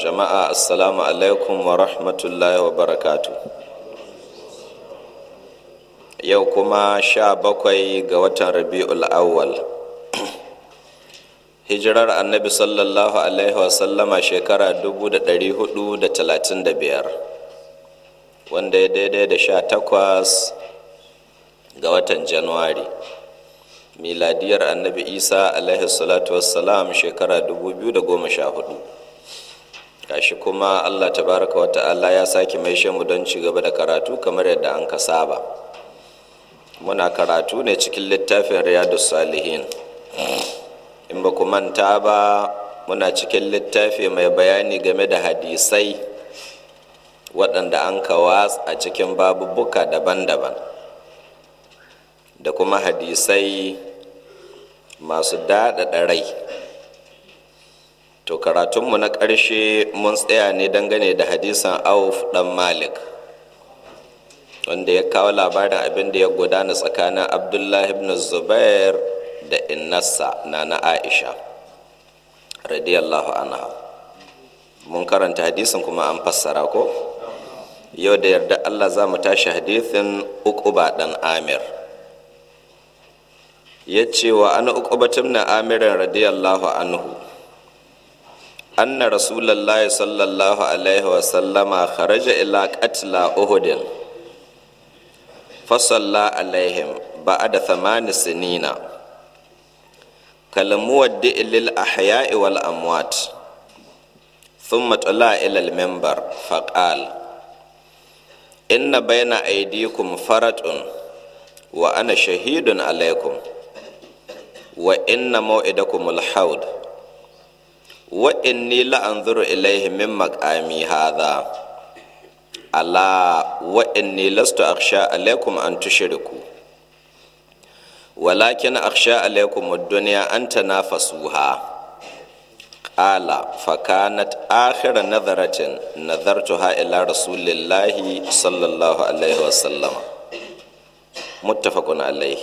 jama'a assalamu alaikum wa rahmatullahi wa barakatu yau kuma sha bakwai ga watan rabi'ul awwal hijirar annabi sallallahu alaihi wasallama shekara 435 wanda ya daidai da sha takwas ga watan januwari miladiyar annabi isa alaihi salatu wassalam shekara 2014 gashi kuma allah tabaraka wa ta'ala ya sake mai mu don ci gaba da karatu kamar yadda an ka saba muna karatu ne cikin littafin riyadu salihin in ba ku manta ba muna cikin littafi mai bayani game da hadisai waɗanda an ka was a cikin babubuka daban-daban da kuma hadisai masu daɗaɗa rai to karatunmu na ƙarshe mun tsaya ne dangane da hadisan auf dan malik wanda ya kawo labarin abin da ya gudana tsakanin abdullahi ibn zubair da innasa na na aisha radiyallahu anha mun karanta hadisin kuma an fassara ko yau da yarda allah za mu tashi hadisin ukuba dan amir ya ce wa an ukubatun na amirin radiyallahu anhu أن رسول الله صلى الله عليه وسلم خرج إلى قتل أهد فصلى عليهم بعد ثمان سنين كالمودع للأحياء والأموات ثم طلع إلى المنبر فقال إن بين أيديكم فرج وأنا شهيد عليكم وإن موعدكم الحوض wa inni la'anzuru ilaihi min maqami hadha ala wa inni lastu akhsha an tushriku walakin akhsha alaikum ad-dunya an tanafasuha qala fa kanat akhir nadharatin nadhartuha ila rasulillahi sallallahu alaihi wasallam alaihi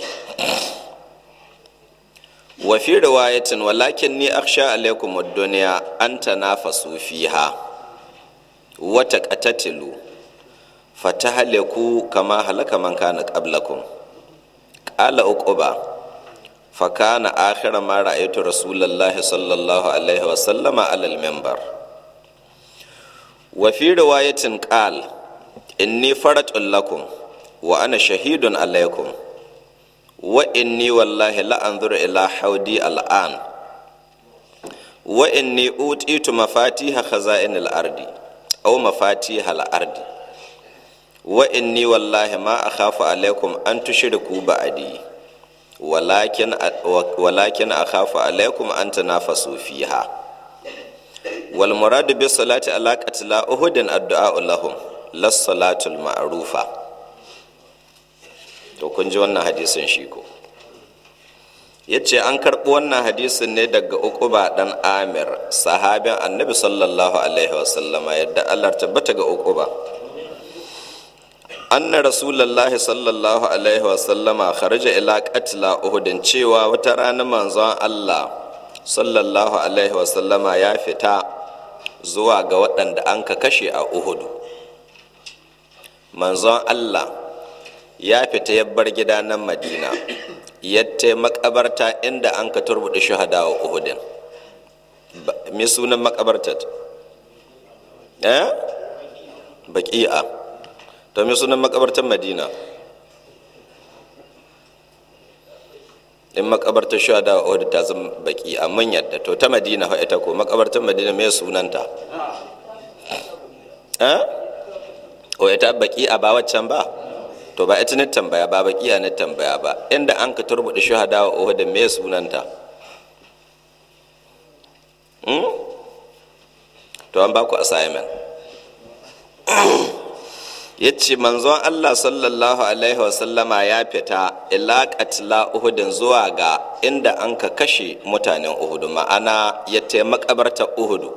wa fi riwayatin walakin ni akhsha alaikum ad-dunya an tanafasu fiha wa taqatatilu fatahliku kama halaka man kana qablakum qala uquba fa kana akhira ma ra'aytu rasulullahi sallallahu alaihi wa sallama ala al-minbar wa fi riwayatin qala inni faratul lakum wa shahidun alaikum wa inni wallahi la anzuru ila haudi al'an wa inni utitu mafatiha khaza'in al-ardi aw mafatiha al-ardi wa inni wallahi ma akhafu alaikum an tushriku ba'di walakin walakin akhafu alaikum an tanafasu fiha wal muradu bi salati ala qatla uhudin addu'a lahum las salatil ma'rufa to kun ji wannan hadisin shi ko ya ce an karɓi wannan hadisin ne daga ukuba ɗan amir sahabin annabi sallallahu alaihi wasallama yadda allah tabbata ga ukuba anna rasulullahi sallallahu alaihi wasallama kharaja ila qatla uhudin cewa wata rana manzon allah sallallahu alaihi wasallama ya fita zuwa ga waɗanda an ka kashe a uhudu manzon allah ya fita ya bar gida nan madina ya ta makabarta inda an ka turbuɗi shahada wa uhudin me sunan makabartar eh baqi'a to me sunan makabartar madina in makabartar shahada wa uhudin ta zama baqi'a mun yadda to ta madina fa ita ko makabartar madina me sunanta eh o ita baqi'a ba waccan ba to ba ita na tambaya ba kiya na tambaya ba inda an ka turbuɗe shahada wa uhud me sunanta hmm? to an ba ku assignment ya ce manzon Allah sallallahu alaihi wasallama ya fita ila katila uhudin zuwa ga inda an ka kashe mutanen uhudu ma'ana ya taimakabarta uhudu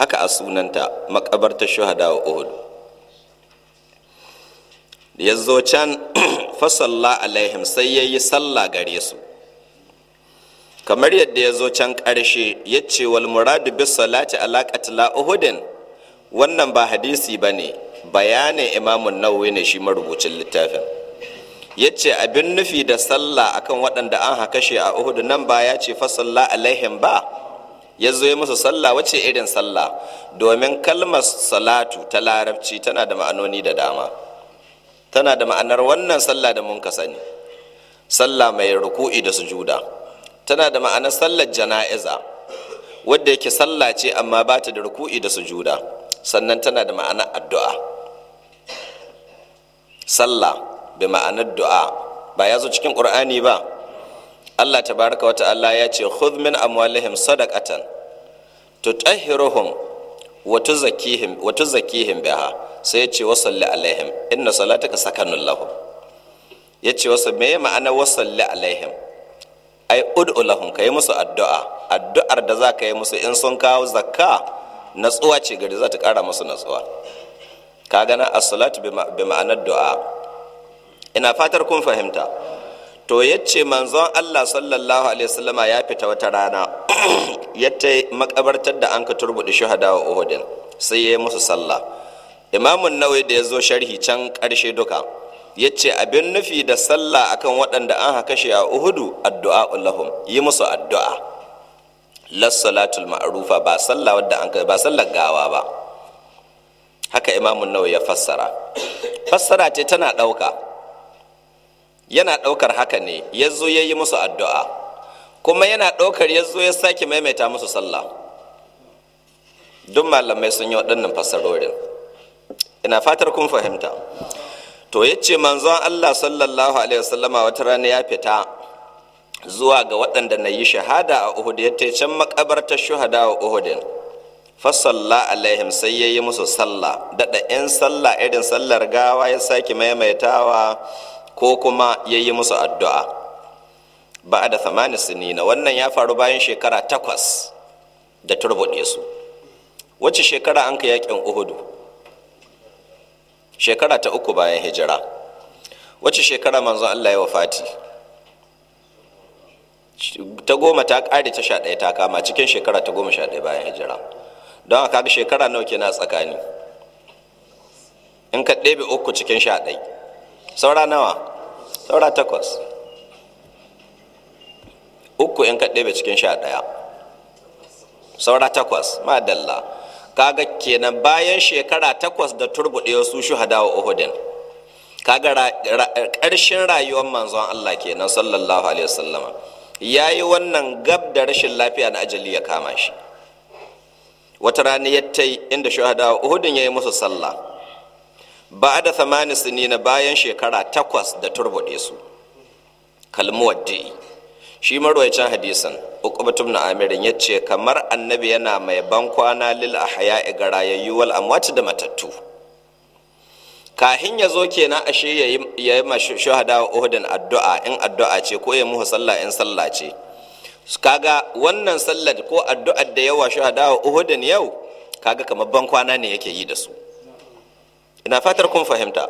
haka a sunanta makabarta shuhada wa uhud ya zo can fasalla alaihim sai ya yi sallah gare su kamar yadda ya zo can ƙarshe ya ce wal muradu bis salati ala qatla uhudin wannan ba hadisi ba ne bayanin nawawi ne shi marubucin littafin ya ce abin nufi da sallah akan waɗanda an shi a uhud nan ba ya ce fasalla alaihim ba ya zo ya musu sallah wace irin sallah domin kalmar salatu ta larabci tana da ma'anoni da dama tana da ma'anar wannan sallah da mun ka sani sallah mai ruku'i da sujuda tana da ma'anar sallar jana'iza wadda yake sallah ce amma ba ta da ruku'i da sujuda sannan tana da ma'anar addu'a sallah bi ma'anar du'a ba ya zo cikin qur'ani ba Allah tabaraka wata Allah ya ce khudh min amwalihim sadaqatan tutahhiruhum wata zakihim biha sai ya ce salli alaihim inna salataka sakanun lahum ya ce wasu me ma'ana salli alaihim ai ud'u lahum ka yi musu addu'a addu'ar da za ka yi musu in sun kawo zakka natsuwa ce gari za ta kara musu natsuwa ka gana as-salatu bi ma'anar du'a ina fatar kun fahimta to yace manzon Allah sallallahu alaihi wasallama ya fita wata rana yace makabartar da an ka turbudi shuhada wa Uhudin sai ya musu sallah imamun nawawi da ya zo sharhi can karshe duka yace abin nufi da sallah akan waɗanda an haka shi a Uhudu addu'a lahum yi musu addu'a salatul ma'rufa ba sallah wadda an ba sallar gawa ba haka imamun nawa ya fassara fassara ce tana ɗauka yana ɗaukar haka ne ya zo ya yi musu addu'a kuma yana ɗaukar ya zo ya sake maimaita musu sallah duk malamai sun yi waɗannan fassarorin ina fatar kun fahimta to ya ce manzon allah sallallahu alaihi wasallama wata rana ya fita zuwa ga waɗanda na yi shahada a uhud ya ce can makabartar shuhada a uhudin fasalla alaihim sai ya yi musu sallah daɗa 'yan sallah irin sallar gawa ya sake maimaitawa ko kuma ya yi musu addu'a ba da thamani sinina wannan ya faru bayan shekara takwas da turbuɗe su wacce shekara an ka yakin uhudu shekara ta uku bayan hijira wacce shekara manzon allah ya wafati ta goma ta ƙari ta sha ɗaya ta kama cikin shekara ta goma sha ɗaya bayan hijira don haka ga shekara nawa kenan tsakani in ka ɗebe uku cikin sha ɗaya saura nawa saura takwas uku in ka ɗebe cikin sha ɗaya saura takwas madalla kaga kenan bayan shekara takwas da turbuɗe su shuhada wa uhudin kaga ƙarshen rayuwar manzon Allah kenan sallallahu alaihi wasallama ya yi wannan gab da rashin lafiya na ajali ya kama shi wata rana ya ta inda shuhada wa uhudin ya yi musu sallah ba da thamani na bayan shekara takwas da turbuɗe su kalmuwar di'i shi marwaicin hadisin uqbatum na amirin ya ce kamar annabi yana mai ban kwana lil a haya ga rayayyu wal amwaci da matattu kahin ya zo kenan ashe ya yi ma shahada wa uhudin addu'a in addu'a ce ko ya muhu sallah in sallah ce kaga wannan sallar ko addu'ar da yawa shahada wa uhudin yau kaga kamar ban kwana ne yake yi da su ina fatar kun fahimta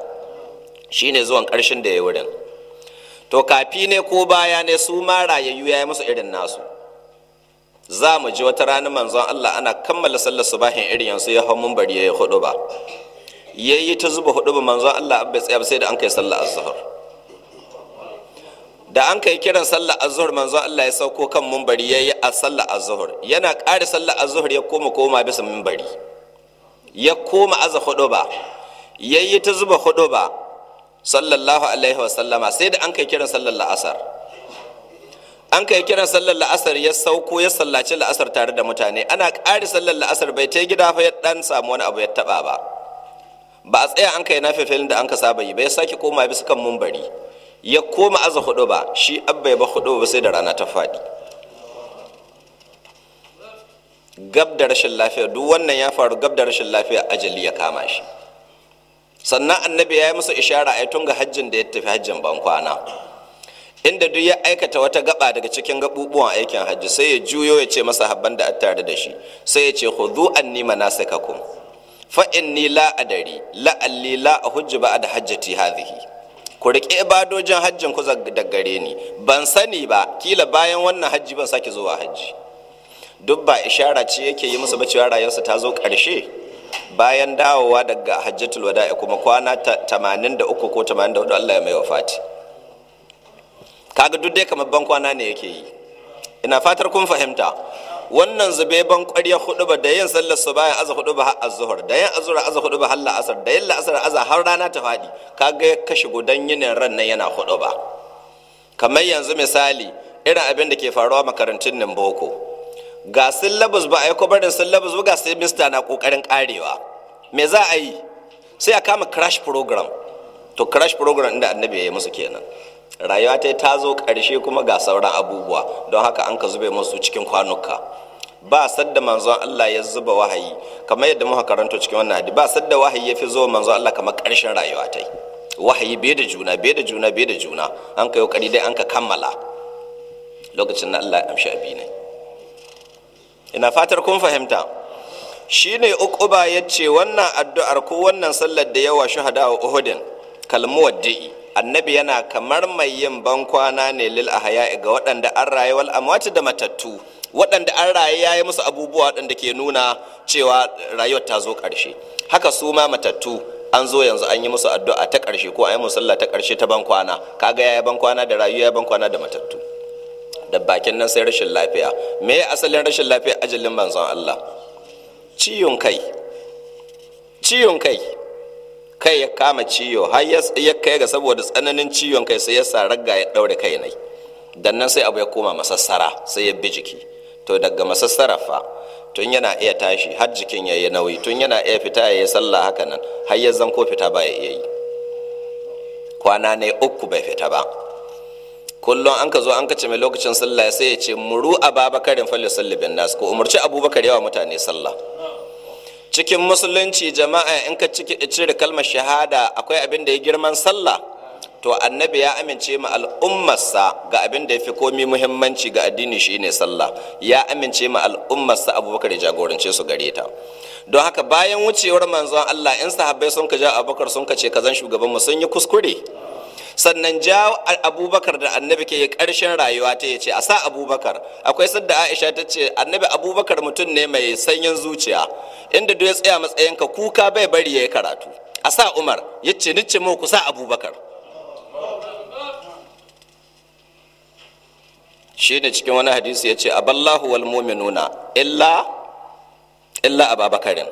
shine zuwan ƙarshen da ya wurin to kafi ne ko baya ne su ma rayayyu ya yi musu irin nasu za mu ji wata rana manzon Allah ana kammala sallar subahin irin yansu ya hau mun bari ya yi hudu ba ya yi ta zuba hudu ba manzon Allah abba tsaya sai da an kai sallar azhar da an kai kiran sallar azhar manzon Allah ya sauko kan mun bari ya yi a sallar azhar yana ƙara sallar azhar ya koma koma bisa mun bari ya koma aza hudu ba yayi ta zuba hudu ba sallallahu alaihi wasallama sai da an kai kiran sallar la'asar an kai kiran sallar la'asar ya sauko ya sallaci la'asar tare da mutane ana ƙari sallar la'asar bai ta gida fa ya dan samu wani abu ya taba ba ba a tsaya an kai na filin da an ka saba yi ba ya sake koma bisa kan mumbari ya koma aza hudu ba shi abba ya ba hudu ba sai da rana ta faɗi gab da rashin lafiya duk wannan ya faru gab da rashin lafiya ajali ya kama shi sannan annabi ya yi musu ishara a tun tunga hajjin da ya tafi hajjin ban kwana inda duk ya aikata wata gaba daga cikin gabubuwan aikin hajji sai ya juyo ya ce masa habban da attare da shi sai ya ce khudhu anni manasikakum fa inni la adari la alli la hajji ba'da hajjati hadhihi ku riƙe ibadojin hajjin ku da gare ni ban sani ba kila bayan wannan hajji ban sake zuwa hajji duk ba ishara ce yake yi musu ba rayuwarsa ta zo ƙarshe bayan dawowa daga hajjatul ya kuma kwana 83 ko 84 Allah ya mai wafati kaga duk dai kamar ban kwana ne yake yi ina fatar kun fahimta wannan zube ban ƙwarya hudu ba da yin sallar su bayan aza hudu ba a zuhur da yin azura aza hudu ba halla asar da yin la'asar aza har rana ta faɗi kaga ya kashe gudan yinin ran nan yana hudu ba kamar yanzu misali irin abin da ke faruwa makarantun nan boko ga syllabus ba a yi kwabarin syllabus ba ga semester na kokarin karewa me za a yi sai a kama crash program to crash program inda annabi ya yi musu kenan rayuwa ta ta zo ƙarshe kuma ga sauran abubuwa don haka an ka zube musu cikin kwanuka ba sadda manzon Allah ya zuba wahayi kamar yadda muka karanta cikin wannan hadisi ba sadda wahayi ya fi zo manzon Allah kamar ƙarshen rayuwa ta wahayi bai da juna bai da juna bai da juna an ka yi dai an ka kammala lokacin na Allah ya amshi abi ne ina fatar kun fahimta shine ya ce wannan addu'ar ko wannan sallar da yawa shuhada wa uhudin kalmuwaddi annabi yana kamar mai yin bankwana ne lil ahya ga waɗanda an rayu wal amwati da matattu waɗanda an rayu ya yi musu abubuwa waɗanda ke nuna cewa rayuwar ta zo ƙarshe haka su ma matattu an zo yanzu an yi musu addu'a ta ƙarshe ko an yi sallah ta ƙarshe ta bankwana kaga ya yi bankwana da rayuwa ya bankwana da matattu da bakin nan sai rashin lafiya me asalin rashin lafiya ajalin manzon Allah ciyon kai ciyon kai kai ya kama ciyo har ya kai ga saboda tsananin ciyon kai sai ya sa ragga ya daure kai nai dan nan sai abu ya koma masassara sai ya bi jiki to daga masassara fa tun yana iya tashi har jikin yayi nauyi tun yana iya fita ya sallah haka nan har ya zanko fita ba ya iya yi kwana ne uku bai fita ba kullum an ka zo an kace mai lokacin sallah sai ya ce muru a babakarin falle sallibin nasu ko umarci abubakar yawa mutane sallah cikin musulunci jama'a in ka cire kalmar shahada akwai abin da ya girman sallah to annabi ya amince ma al'ummarsa ga abin da ya fi komi muhimmanci ga addini ne sallah ya amince ma al'ummarsa abubakar ya jagorance su gare ta don haka bayan wucewar manzon Allah in sahabbai sun ka ja abubakar sun ka ce kazan shugabanmu sun yi kuskure sannan ja abubakar da annabi ke karshen rayuwa ta ya ce a sa abubakar akwai sadda aisha ta ce annabi abubakar mutum ne mai sanyin zuciya inda duk ya tsaya matsayinka kuka bai bari ya yi karatu a sa umar ya ce nice mu ku sa abubakar shi ne cikin wani hadisi ya ce aballahu wal muminuna illa illa ababakarin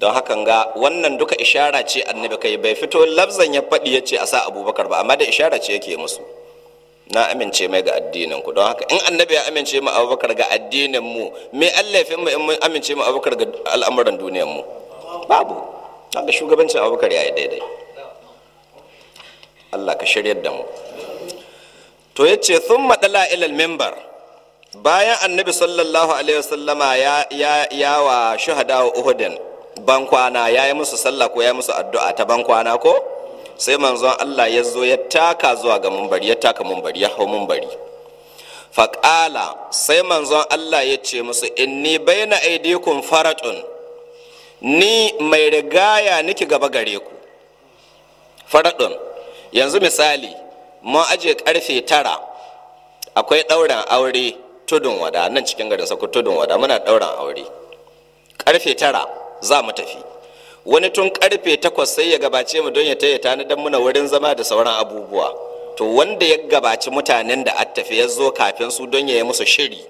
don hakan ga wannan duka ishara ce annabi kai bai fito lafzan ya faɗi ya ce a sa abubakar ba amma da ishara ce yake musu na amince mai ga addinin ku don haka in annabi ya amince mu abubakar ga addinin mu me allafin mu in mun amince mu abubakar ga al'amuran duniyar mu babu haka shugabancin abubakar ya yi daidai Allah ka shiryar da mu to yace sun ila al membar bayan annabi sallallahu alaihi wasallama ya ya wa shuhada uhudin bankwana ya yi musu sallah ko ya yi musu addu'a ta bankwana ko sai manzon Allah ya zo ya taka zuwa ga mumbari ya taka mumbari ya hau mumbari faƙala sai manzon Allah ya ce musu in inni baina aidikum faratun ni mai rigaya niki gaba gare ku faradun yanzu misali mun aje karfe tara akwai ɗaurin aure tudun wada nan cikin garin sako tudun wada muna ɗaurin aure karfe tara za mu tafi wani tun karfe takwas sai ya gabace mu don ya taya dan muna wurin zama da sauran abubuwa to wanda ya gabaci mutanen da tafi ya zo kafin su don ya yi musu shiri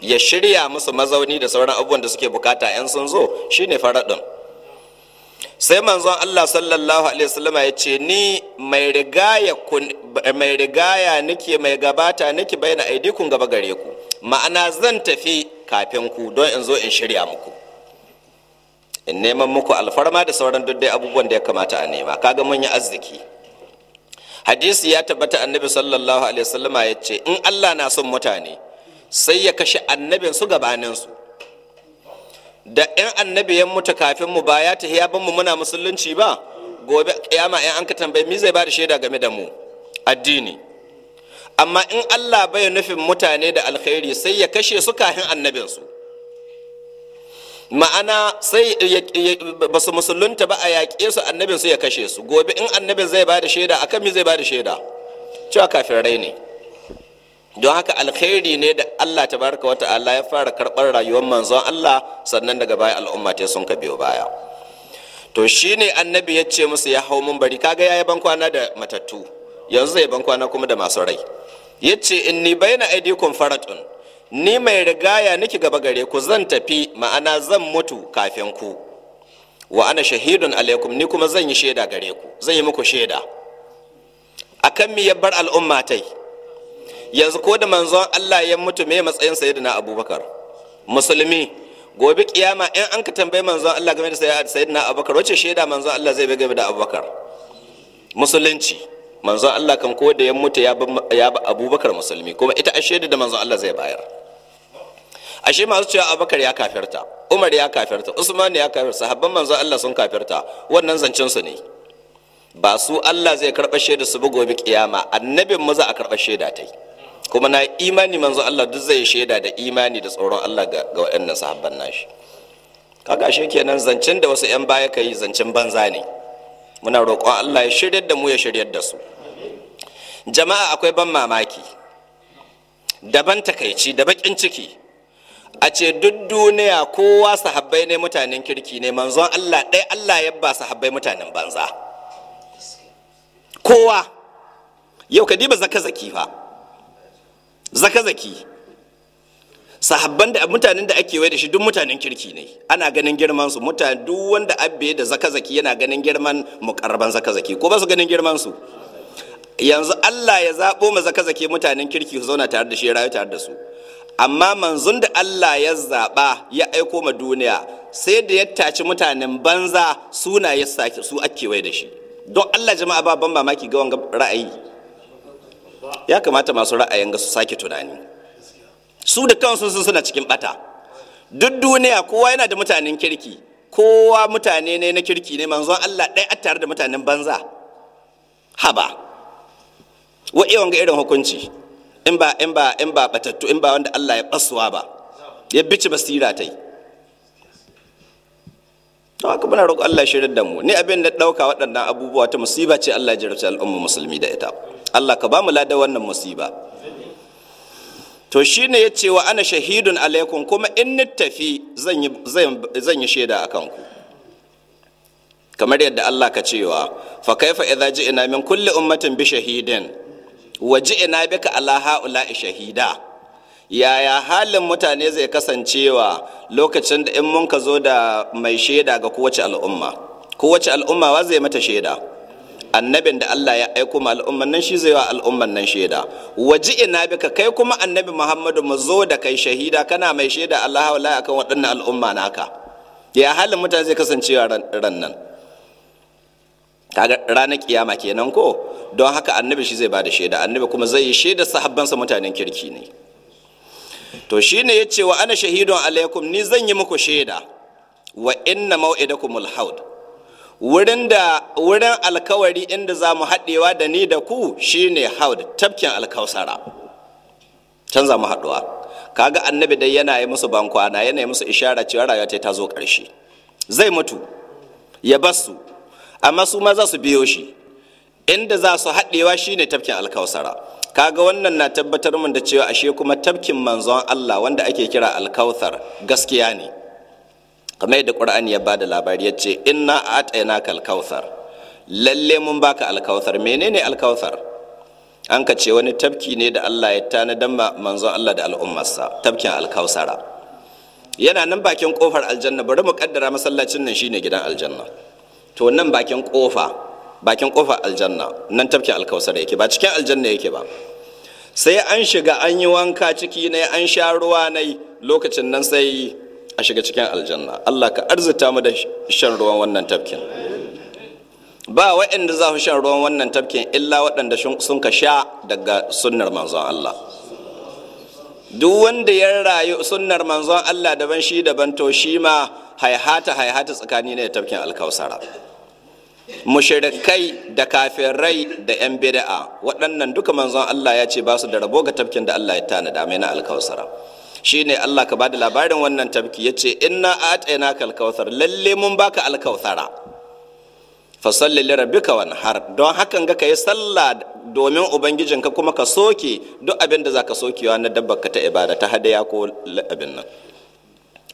ya shirya musu mazauni da sauran abubuwan da suke bukata yan sun zo shine faradin sai manzon Allah sallallahu alaihi wasallama ya ce ni mai rigaya mai rigaya nake mai gabata nake bayyana aidikun gaba gare ku ma'ana zan tafi kafin ku don in zo in shirya muku in neman muku alfarma da sauran duk dai abubuwan da ya kamata a nema kaga mun yi arziki hadisi ya tabbata annabi sallallahu alaihi wasallama ya ce in allah na son mutane sai ya kashe annabin su gabanin su da yan annabi ya mutu kafin mu ba ya tahiya ban mu muna musulunci ba gobe kiyama in an ka tambaye mi zai bada shaida game da mu addini amma in allah bai nufin mutane da alkhairi sai ya kashe su kafin annabinsu. ma'ana sai ba su musulunta ba a yaƙe su annabin su ya kashe su gobe in annabin zai ba da shaida akan mi zai ba da shaida cewa rai ne don haka alkhairi ne da Allah Ta baraka wata, Allah ya fara karɓar rayuwar manzon Allah sannan daga baya al'umma ta sun ka biyo baya to shine annabi ya ce musu ya hau mun bari kaga yayi ban kwana da matattu yanzu zai ban kwana kuma da masu rai yace inni baina aidikum faratun ni mai rigaya niki gaba gare ku zan tafi ma'ana zan mutu kafin ku wa ana shahidun alaikum ni kuma zan yi shaida gare ku zan yi muku shaida kan mi yabbar al'umma tai yanzu ko da manzon Allah ya mutu me matsayin sayyidina Abubakar musulmi gobe kiyama in an ka tambayi manzon Allah game da sayyidina Abubakar wace shaida manzon Allah zai bai game da Abubakar musulunci manzon Allah kan ko da ya mutu ya ba Abubakar musulmi kuma ita a shaida da manzon Allah zai bayar ashe masu cewa abakar ya kafirta umar ya kafirta usman ya kafirta sahabban manzo Allah sun kafirta wannan zancen su ne ba su Allah zai karɓa shaida su bi gobe kiyama annabin mu za a karɓa shaida ta kuma na imani manzo Allah duk zai shaida da imani da tsoron Allah ga waɗannan sahabban nashi kaga shi kenan zancen da wasu 'yan baya kai zancen banza ne muna roƙon Allah ya shirya da mu ya shiryar da su jama'a akwai ban mamaki daban takaici da bakin ciki a ce duk duniya kowa sahabbai ne mutanen kirki ne manzon Allah ɗaya Allah ya ba sahabbai mutanen banza kowa yau ka diba zaka zaki fa zaka zaki sahabban da mutanen da ake wai da shi duk mutanen kirki ne ana ganin girman su mutane duk wanda abbe da zaka zaki yana ganin girman mukarraban zaka zaki ko ba su ganin girman su yanzu Allah ya zabo ma zaka zaki mutanen kirki su zauna tare da shi rayu tare da su amma manzon da Allah ya zaɓa ya aiko ma duniya sai da ya taci mutanen banza suna ya sake su akewaye da shi don Allah jama'a ba ban mamaki ga wanga ra'ayi ya kamata masu ra'ayin ga su sake tunani su da kansu sun suna cikin bata duk duniya kowa yana da mutanen kirki kowa mutane ne na kirki ne manzon Allah ɗaya a tare da mutanen banza haba wa iya wanga irin hukunci in ba in ba in ba batattu in ba wanda Allah ya basuwa ba ya bici basira ta yi to haka muna roƙo Allah shirin da mu ni abin da ɗauka waɗannan abubuwa ta musiba ce Allah ya jarabta al'umma musulmi da ita Allah ka ba mu lada wannan musiba to shine ya ce wa ana shahidun alaikum kuma in ni tafi zan yi shaida a kanku kamar yadda Allah ka cewa fa kaifa idza ji'na min kulli ummatin bi shahidin waje ina bika ala ha'ula'i shahida yaya halin mutane zai kasancewa lokacin da in mun ka zo da mai shaida ga kowace al'umma kowace al'umma wa zai mata shaida annabin da Allah ya aiko ma al'umman nan shi zai wa al'umman nan shaida waji ina bika kai kuma annabi Muhammadu mu zo da kai shahida kana mai shaida Allah ha'ula'i akan waɗannan al'umma naka ya halin mutane zai kasancewa ran nan kaga ranar kiyama kenan ko don haka annabi shi zai bada shaida annabi kuma zai yi shaida sahabbansa mutanen kirki ne to shine yace wa ana shahidun alaikum ni zan yi muku shaida wa inna maw'idakumul haud wurin da wurin alkawari inda za mu haɗewa da ni da ku shine haud tafkin alkausara can za mu haɗuwa kaga annabi dai yana yi musu bankwana yana yi musu ishara cewa rayuwa ta zo ƙarshe zai mutu ya basu amma su ma za su biyo shi inda za su haɗewa shine tafkin alkausara kaga wannan na tabbatar mun da cewa ashe kuma tafkin manzon Allah wanda ake kira alkauthar gaskiya ne kamar yadda Qur'ani ya bada labari ya ce inna atainaka alkauthar lalle mun baka alkauthar menene alkauthar an ka ce wani tafki ne da Allah ya tanadan manzon Allah da al'ummarsa tafkin alkausara yana nan bakin kofar aljanna bari mu kaddara masallacin nan shine gidan aljanna to nan bakin kofa bakin kofa aljanna nan tafki alkausar yake ba cikin aljanna yake ba sai an shiga an yi wanka ciki ne an sha ruwa ne lokacin nan sai a shiga cikin aljanna Allah ka arzuta mu da shan ruwan wannan tafkin ba waɗanda za su shan ruwan wannan tafkin illa waɗanda sun ka sha daga sunnar manzon Allah duk wanda ya rayu sunnar manzon Allah daban shi daban to shi ma haihata haihata tsakani ne tafkin alkausara mushirikai da kafirai da 'yan bida'a waɗannan duka manzon Allah ya ce ba su da rabo ga tafkin da Allah ya tanada mai na Shi ne Allah ka bada labarin wannan tafki ya ce yace inna a'tainaka alkawsar lalle mun baka alkawasara fasalli ka wani har don hakan ga yi sallah domin ubangijinka kuma ka soke duk abin da ka sokewa na ka ta ibada ta hadaya ko abin nan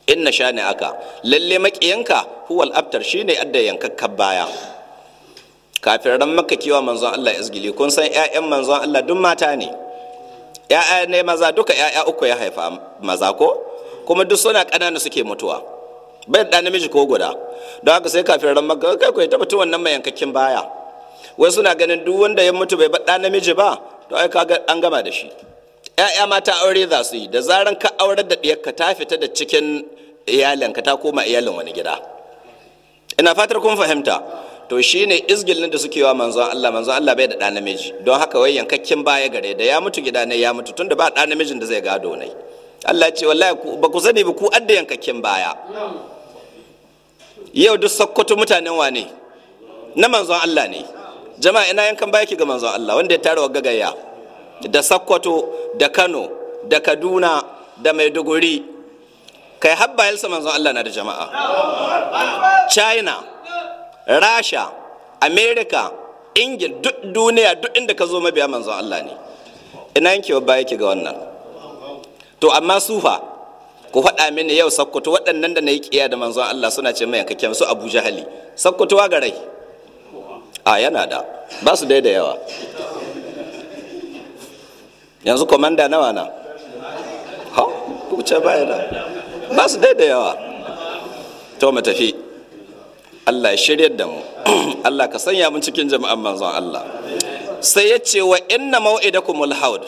In sha ne aka lalle makiyanka huwal abtar ne adda yankakkan baya kafiran maka kiwa manzon Allah izgili kun san ƴaƴan manzon Allah duk mata ne ƴaƴa ne maza duka ƴaƴa uku ya haifa maza ko kuma duk suna ƙanana suke mutuwa bai da namiji ko guda don haka sai kafiran maka kai ku ta mutu wannan mai yankakin baya wai suna ganin duk wanda ya mutu bai bar da namiji ba to ai kaga an gama da shi ƴaƴa mata aure za su yi da zaran ka aurar da ɗiyarka ta fita da cikin iyalinka ta koma iyalin wani gida ina fatar kun fahimta to shi shine izgilin da suke wa manzon Allah manzon Allah bai da ɗa namiji don haka wai yankakken baya gare da ya mutu gida ne ya mutu tunda ba ɗa namijin da zai gado ne Allah ya ce wallahi ba ku sani ba ku adda yankakken baya yau duk sakkwato mutanen wane na manzon Allah ne jama'a ina yankan baya ki ga manzon Allah wanda ya tara wa gagaya da sakkwato da Kano da Kaduna da Maiduguri kai habba yalsa manzon Allah na da jama'a China rasha Amerika, ingil duk duniya duk inda ka zo mabiya manzon allah ne ina yankewa ba yake ga wannan to amma sufa ku faɗa mini yau sakkwato waɗannan da na yi ƙiya da manzon allah suna ce mai yankakken su abu jahali sakkwatowa ga rai a yana da ba su da yawa yanzu komanda nawa na ha kuce baya yana ba su da yawa to mu tafi Allah ya shiryar da mu Allah ka sanya mun cikin jama'an manzon Allah sai ya ce wa inna mau'idakumul haud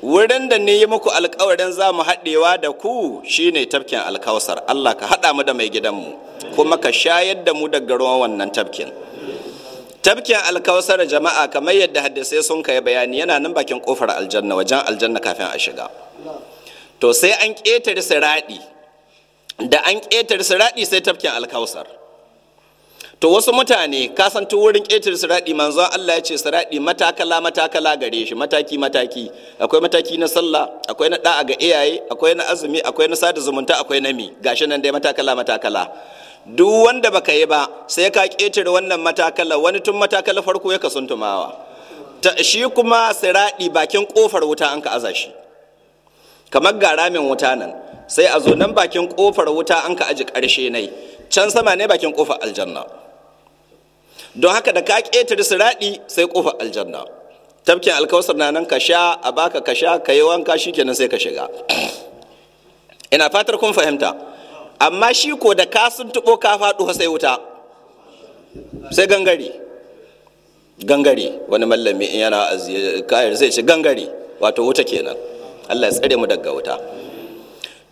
wurin da ni yi muku alkawarin za mu haɗewa da ku shine tafkin alkausar Allah ka haɗa mu da mai gidanmu kuma ka shayar da mu daga ruwan wannan tafkin tafkin alkausar jama'a kamar yadda hadisai sun kai bayani yana nan bakin kofar aljanna wajen aljanna kafin a shiga to sai an ƙetare siraɗi da an ƙetare siraɗi sai tafkin alkausar to wasu mutane ka san wurin ƙetare siraɗi manzon Allah ya ce siraɗi matakala matakala gare shi mataki mataki akwai mataki na sallah akwai na da'a ga iyaye akwai na azumi akwai na sada zumunta akwai na mi gashi nan dai matakala matakala duk wanda baka yi ba sai ka ƙetare wannan matakala wani tun matakala farko ya kasuntumawa shi kuma siraɗi bakin ƙofar wuta an ka aza shi kamar ga ramin wuta nan sai a zo nan bakin kofar wuta an ka aji ƙarshe nai can sama ne bakin kofar aljanna don haka da ka ƙetare siraɗi sai ƙofa aljanna tafkin alkawasar na nan ka sha a baka ka sha ka yi wanka kenan sai ka shiga ina fatar kun fahimta amma shi ko da ka sun tubo ka faɗo sai wuta sai gangare gangare wani mallami in yana kayar zai ci gangare wato wuta kenan allah ya tsare mu daga wuta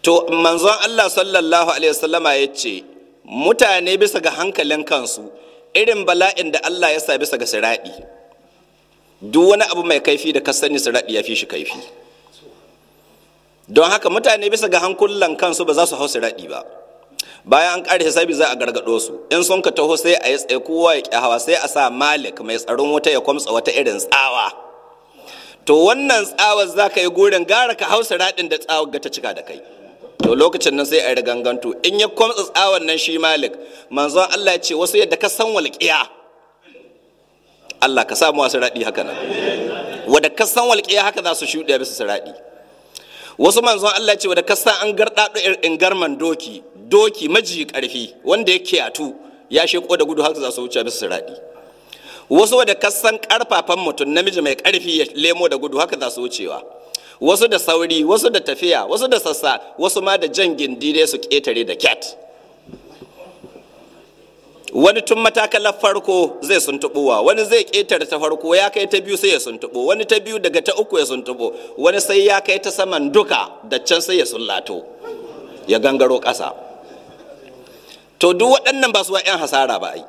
to manzon allah sallallahu alaihi wasallama ya ce mutane bisa ga hankalin kansu irin bala'in da Allah ya sa bisa ga siraɗi duk wani abu mai kaifi da ka sani siraɗi ya fi shi kaifi don haka mutane bisa ga hankulan kansu ba za su hau siraɗi ba bayan an ƙare hisabi za a gargaɗo su in sun ka taho sai a yi tsaye kowa ya hawa sai a sa malik mai tsaron wuta ya kwamsa wata irin tsawa to wannan tsawar za ka yi gurin gara ka hau siraɗin da tsawar ga ta cika da kai to lokacin nan sai a yi da gangantu in ya kwamtsa tsawon nan shi malik manzon Allah ce wasu yadda ka san walƙiya Allah ka samu wasu raɗi haka nan wadda ka san walƙiya haka za su shuɗe bisa su raɗi wasu manzon Allah ce wadda ka san an garɗaɗo in garman doki doki maji ƙarfi wanda yake kiyatu, ya sheko da gudu haka za su wuce bisa su raɗi wasu wadda ka san ƙarfafan mutum namiji mai ƙarfi ya lemo da gudu haka za su wucewa wasu da sauri wasu da tafiya wasu da sassa wasu ma da jan gindi dai su ketare da cat wani tun matakalar farko zai tubuwa wani zai ƙetare ta farko ya kai ta biyu sai ya suntuɓo wani ta biyu daga ta uku ya suntuɓo wani sai ya kai ta saman duka da can sai ya lato ya gangaro ƙasa to duk waɗannan ba su wa 'yan hasara ba ai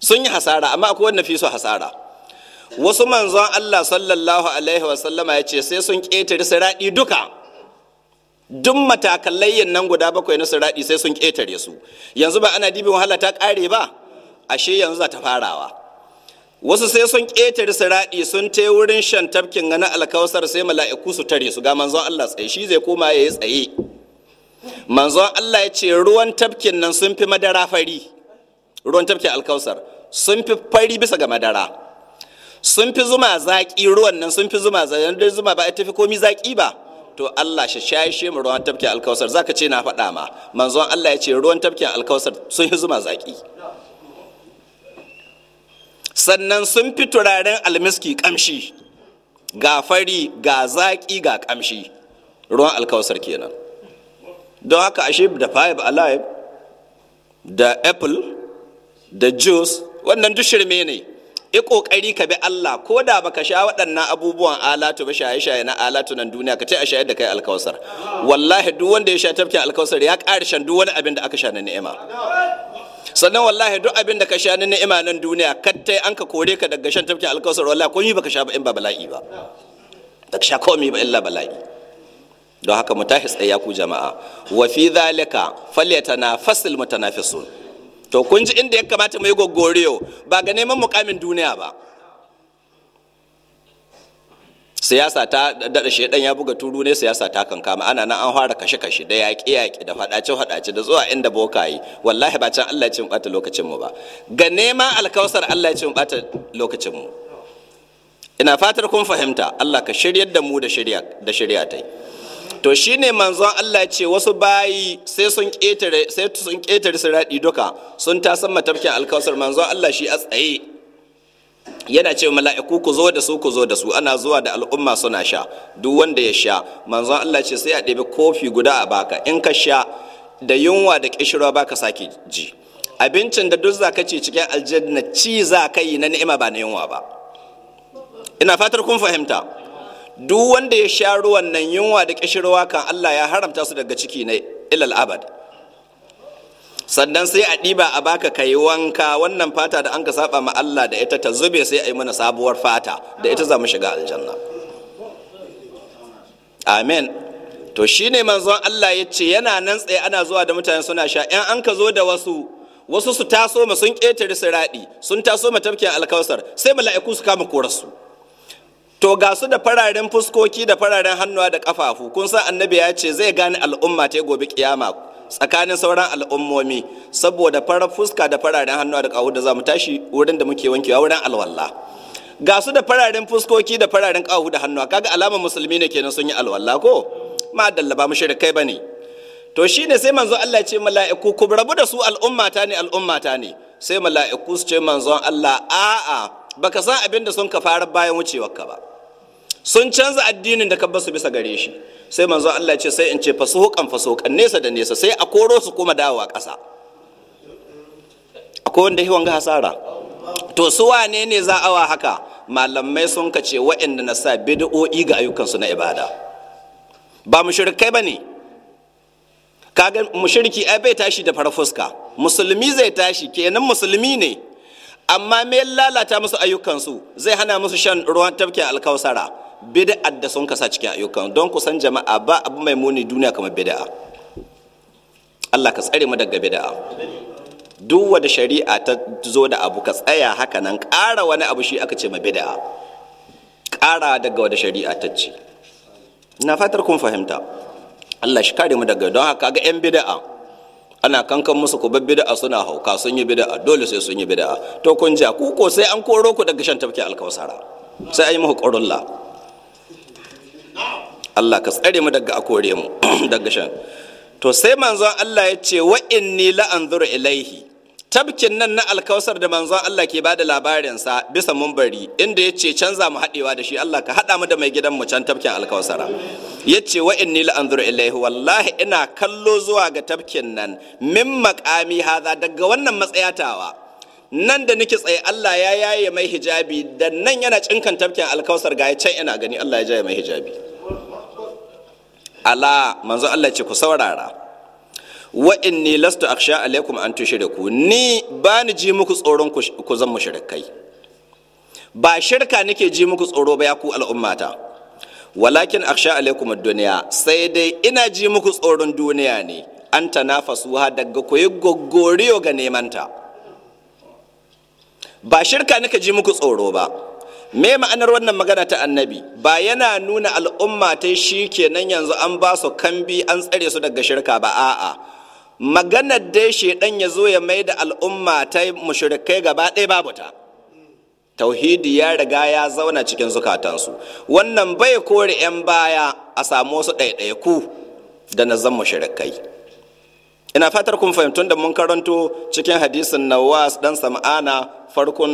sun yi hasara amma akwai wanda fi su hasara wasu manzon Allah sallallahu alaihi wasallama ya ce sai sun ƙetare siraɗi duka duk matakan nan guda bakwai na siraɗi sai sun ƙetare su yanzu ba ana dibin wahala ta ƙare ba ashe yanzu za ta farawa wasu sai sun ƙetare siraɗi sun te wurin shan tafkin gana alkawasar sai mala'iku su tare su ga manzon Allah tsaye shi zai koma ya yi tsaye manzon Allah ya ce ruwan tafkin nan sun fi madara fari ruwan tafkin alkawasar sun fi fari bisa ga madara sun fi zuma zaƙi ruwan nan sun fi zuma zaƙi dan zuma ba ta fi komi zaƙi ba to Allah shi shayashe mu ruwan tafkin alkausar zaka ce na faɗa ma manzon Allah ya ce ruwan tafkin alkausar sun fi zuma zaƙi sannan sun fi turaren almiski ƙamshi ga fari ga zaƙi ga ƙamshi ruwan alkausar kenan don haka ashe da five alive da apple da juice wannan duk shirme ne i ƙoƙari ka bi Allah ko da baka sha waɗannan abubuwan alatu ba shaye shaye na alatu nan duniya ka ce a shayar da kai alkausar wallahi duk wanda ya sha tafkin alkausar ya ƙara shan duk wani abin da aka sha na ni'ima sannan wallahi duk abin da ka sha na ni'ima nan duniya kattai an ka kore ka daga shan tafkin alkausar wallahi komai baka sha ba in ba bala'i ba baka sha komai ba illa bala'i don haka mu tahi tsaya ku jama'a wa fi dhalika falyatanafasul mutanafisun to kun ji inda ya kamata mu yi gogoriyo ba ga neman mukamin duniya ba siyasa ta daɗa shaidan ya buga turu ne siyasa ta kankama ana nan an fara kashe-kashe da yaƙi-yaƙi da faɗace-faɗace da zuwa inda boka yi wallahi ba can Allah ya ɓata lokacin mu ba ga neman alkawsar Allah ya ci ɓata lokacin mu ina fatar kun fahimta Allah ka shiryar da mu da shirya da shirya to shi ne manzon Allah ce wasu bayi sai sun ƙetare sai sun ƙetare raɗi duka sun ta san matafkin alkausar manzon Allah shi a tsaye yana ce mala'iku ku zo da su ku zo da su ana zuwa da al'umma suna sha duk wanda ya sha manzon Allah ce sai a ɗebi kofi guda a baka in ka sha da yunwa da kishirwa baka sake ji abincin da duk zaka ci cikin aljanna ci za ka yi na ni'ima ba na yunwa ba ina fatar kun fahimta duk wanda ya sha ruwan nan yunwa da kishirwa kan Allah ya haramta su daga ciki ne ilal abad sannan sai a ɗiba a baka kai wanka wannan fata da an ka saba ma Allah da ita ta zube sai a yi mana sabuwar fata da ita za mu shiga aljanna amen to shine manzon Allah ya ce yana nan tsaye ana zuwa da mutane suna sha in an ka zo da wasu wasu su taso ma sun ƙetare siraɗi sun taso ma tafkin alkausar sai mala'iku su kama korarsu to ga su da fararen fuskoki da fararen hannuwa da ƙafafu kun san annabi ya ce zai gane al'umma ta gobe kiyama tsakanin sauran al'ummomi saboda farar fuska da fararen hannuwa da ƙafafu da za mu tashi wurin da muke wankewa wurin alwallah ga su da fararen fuskoki da fararen ƙafafu da hannuwa kaga alamar musulmi ne kenan sun yi alwallah ko ma dallaba mu kai bane to shine sai manzo Allah ya ce mala'iku ku rabu da su al'ummata ne al'ummata ne sai mala'iku su ce manzon Allah a'a baka san abin da sun ka fara bayan ka ba sun canza addinin da kabba su bisa gare shi sai manzo Allah ce sai in ce fasuhukan fasuhukan nesa da nesa sai a koro su kuma dawowa ƙasa akwai wanda yi wanga hasara to su wane ne za wa haka malamai sun kace waɗanda na sa bid'o'i ga ayyukansu na ibada ba mushrikai bane kaga mushriki ai bai tashi da farfuska musulmi zai tashi kenan musulmi ne amma me lalata musu su zai hana musu shan ruwan tafkin alkausara bida'a da sun kasa cikin ayyukan don kusan jama'a ba abu mai muni duniya kamar bida'a. Allah ka tsare mu daga bid'a duk wanda shari'a ta zo da abu ka tsaya haka nan ƙara wani abu shi aka ce ma bida'a. ƙara daga wanda shari'a ta ce na fatar kun fahimta Allah shi kare mu daga don haka ga 'yan bida'a. ana kankan musu ku bar bid'a suna hauka sun yi bid'a dole sai sun yi bid'a to kun ja ku ko sai an koro ku daga shan tafki alkawsara sai an yi muku qurullah Allah ka tsare mu daga akore mu daga shan to sai manzon Allah ya ce wa inni la anzuru ilaihi tabkin nan na alkausar da manzon Allah ke bada sa bisa munbari inda ya ce canza mu haɗewa da shi Allah ka haɗa mu da mai gidan mu can tabkin alkausara ya ce wa inni la anzuru ilaihi wallahi ina kallo zuwa ga tabkin nan min maqami haza daga wannan matsayatawa nan da nake tsaye Allah ya yaye mai hijabi da nan yana cinkan tabkin alkausar ga ya can ina gani Allah ya jaye mai hijabi ala manzo Allah ce ku saurara wa inni lastu aksha alaikum an tushriku ni ba ni ji muku tsoron ku zan mushrikai ba shirka nake ji muku tsoro ba ya ku al'ummata walakin aksha alaikum ad-dunya sai dai ina ji muku tsoron duniya ne an tanafasu ha daga koyi goggoriyo ga nemanta ba shirka nake ji muku tsoro ba me ma'anar wannan magana ta annabi ba yana nuna al'umma ta shi kenan yanzu an ba su kambi an tsare su daga shirka ba a'a maganar dai shedan ya zo ya mai da al'umma ta mushrikai gaba ɗaya babu ta tauhidi ya riga ya zauna cikin zukatansu wannan bai kore 'yan baya a samu su ɗaiɗaiku da na zan mushrikai ina fatar kun fahimtun da mun karanto cikin hadisin nawas dan sam'ana farkon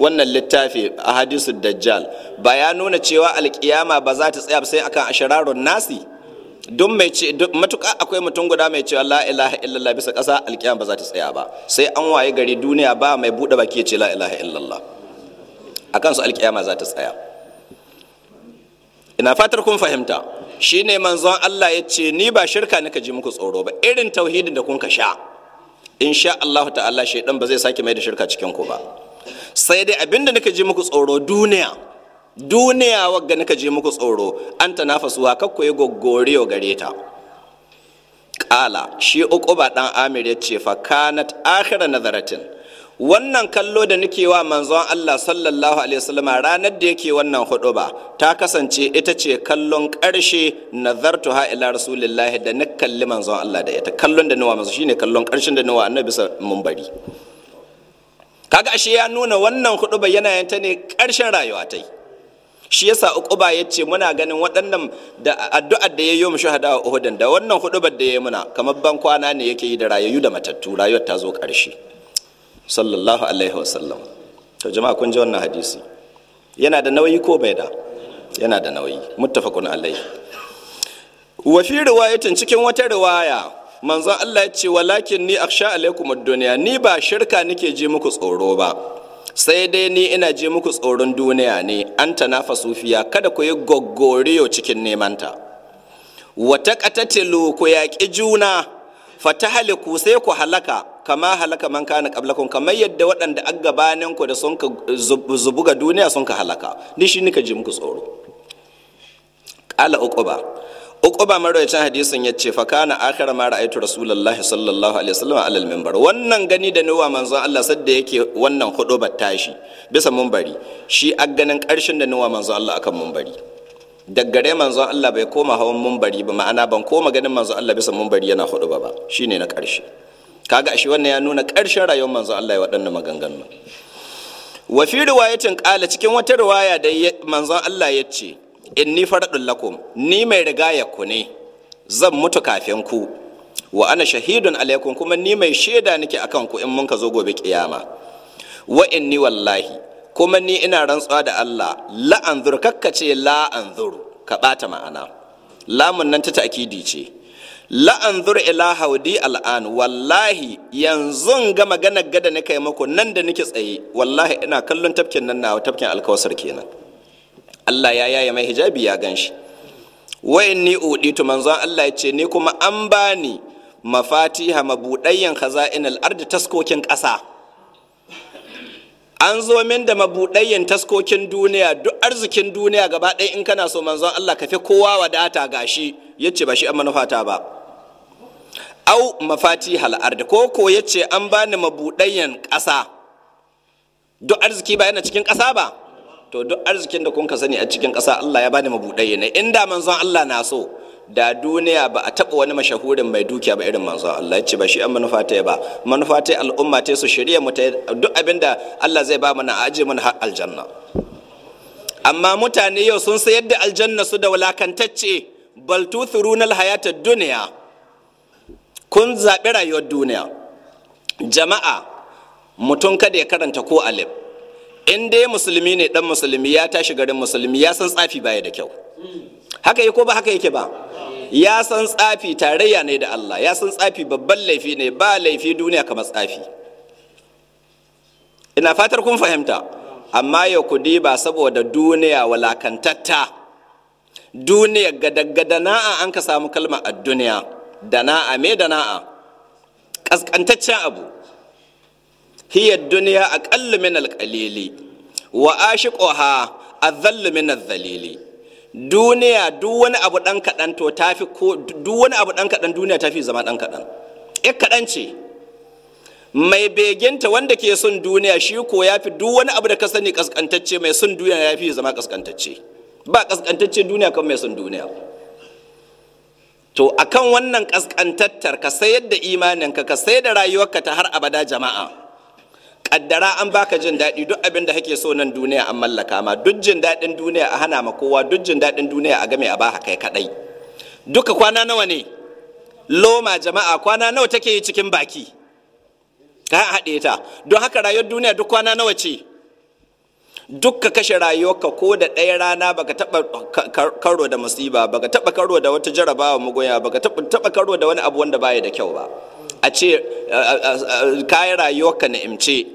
wannan littafi a hadisin dajjal ba ya nuna cewa alkiyama ba za ta tsaya sai akan ashirarun nasi don mai ce matuƙa akwai mutum guda mai cewa la ilaha illallah bisa ƙasa alkiyama ba za ta tsaya ba sai an waye gari duniya ba mai buɗe baki ya ce la ilaha illallah akan su alkiyama za ta tsaya ina fatar kun fahimta Shi shine manzon Allah ya ce ni ba shirka nika ji muku tsoro ba irin tauhidin da kun ka sha insha Allah ta'ala shaidan ba zai sake mai da shirka cikin ku ba sai dai abinda nika ji muku tsoro duniya duniya wagga nika ji muku tsoro an ta fasuwa kakko ya goggoriyo gare ta kala shi uku ba dan amir ya ce fa kanat akhira nazaratin wannan kallo da nake wa manzon Allah sallallahu alaihi wasallam ranar da yake wannan huduba ta kasance ita ce kallon karshe ha ila rasulillahi da na kalli manzon Allah da ita kallon da nawa manzo shine kallon karshen da nawa annabi bisa bari. kaga ashe ya nuna wannan huduba yana yanta ne karshen rayuwa tai shi yasa uquba yace muna ganin waɗannan da addu'ar da yayyo mu shahada uhudan da wannan hudubar da yayi muna kamar ban kwana ne yake yi da rayuwa da matattu rayuwar ta zo karshe sallallahu alaihi wasallam to jama'a kun ji wannan hadisi yana da nauyi ko bai da yana da nauyi muttafaqun alaihi wa fi riwayatin cikin wata riwaya manzon Allah ya ce walakin ni akhsha alaikum ad-dunya ni ba shirka nake ji muku tsoro ba sai dai ni ina ji muku tsoron duniya ne an ta nafa sufiya kada ku yi goggoriyo cikin nemanta wata katatilu ku yaƙi juna fata haliku sai ku halaka kama halaka man kana qablakum kamar yadda waɗanda an gabanin ku da sun ka zubu ga duniya sun ka halaka ni shi nika ji muku tsoro qala uquba uquba marwayacin hadisin yace fa kana akhira ma ra'aytu rasulullahi sallallahu alaihi wasallam alal minbar wannan gani da nuwa manzon Allah sadda yake wannan hudubar tashi bisa munbari shi a ganin karshen da nuwa manzon Allah akan munbari daggare manzon Allah bai koma hawan munbari ba ma'ana ban koma ganin manzon Allah bisa munbari yana hudu ba shine na karshe kaga ashe wannan ya nuna ƙarshen rayuwar manzon Allah ya waɗannan maganganu wa fi riwayatin qala cikin wata riwaya da manzon Allah ya ce inni faradul lakum ni mai rigaya ku ne zan mutu kafin ku wa ana shahidun alaikum kuma ni mai shaida nake akan ku in mun ka zo gobe kiyama wa inni wallahi kuma ni ina rantsuwa da Allah la anzur kakkace la anzur ka bata ma'ana lamun nan ta ta'kidi ce la'anzur ila haudi al'an wallahi yanzu ga maganar gada na kai mako nan da nake tsaye wallahi ina kallon tafkin nan nawa tafkin alkawasar kenan Allah ya yaya mai hijabi ya gan shi wayan ni to manzon Allah ya ce ni kuma an bani mafatiha mabudayyan khaza'inal ardi taskokin ƙasa an zo min da mabudayyan taskokin duniya duk arzikin duniya gaba ɗaya in kana so manzon Allah ka fi kowa wadata gashi yace ba shi an manufata ba au mafati hal'arda ko ko ya ce an bani mabuɗayan ƙasa duk arziki ba yana cikin ƙasa ba to duk arzikin da kun sani a cikin ƙasa Allah ya bani mabuɗayi ne inda manzon Allah na so da duniya ba a taɓa wani mashahurin mai dukiya ba irin manzon Allah ya ce ba shi an manufa ta ba manufa ta al'umma ta su shirya mu ta duk abin da Allah zai ba mana a aje mana har aljanna amma mutane yau sun sayar da aljanna su da walakantacce bal tuthuruna alhayatad duniya. kun zaɓi rayuwar duniya jama'a mutum kada ya karanta ko alif in dai musulmi ne dan musulmi ya tashi garin musulmi ya san tsafi baya da kyau haka yi ko ba haka yake ba ya san tsafi tarayya ne da Allah ya san tsafi babban laifi ne ba laifi duniya kamar tsafi ina fatar kun fahimta amma yau ku ba saboda duniya walakantatta duniya gadagada na'a an ka samu kalma a duniya dana'a me dana'a kaskantaccen abu hiya duniya aqallu min alqalili wa ashiquha azallu min azzalili duniya duk wani abu dan kadan to tafi ko duk wani abu dan kadan duniya tafi zama dan kadan ik kadan ce mai beginta wanda ke son duniya shi ko ya fi duk wani abu da ka sani kaskantacce mai son duniya ya fi zama kaskantacce ba kaskantacce duniya kan mai son duniya to akan wannan kaskantattar ka sayar da imaninka ka sayar da rayuwarka ta har abada jama'a kaddara an baka jin daɗi duk abin da kake so nan duniya an mallaka ma duk jin daɗin duniya a hana ma kowa duk jin daɗin duniya a game a baka kai kaɗai duka kwana nawa ne loma jama'a kwana nawa take yi cikin baki ka haɗe ta don haka rayuwar duniya duk kwana nawa ce Dukka kashe rayuwarka ko da ɗaya rana baka taɓa karo da musiba baka taɓa karo da wata jarabawa mugoya baka taɓa karo da wani abu wanda baya da kyau ba a ce kayan rayuwarka na'imce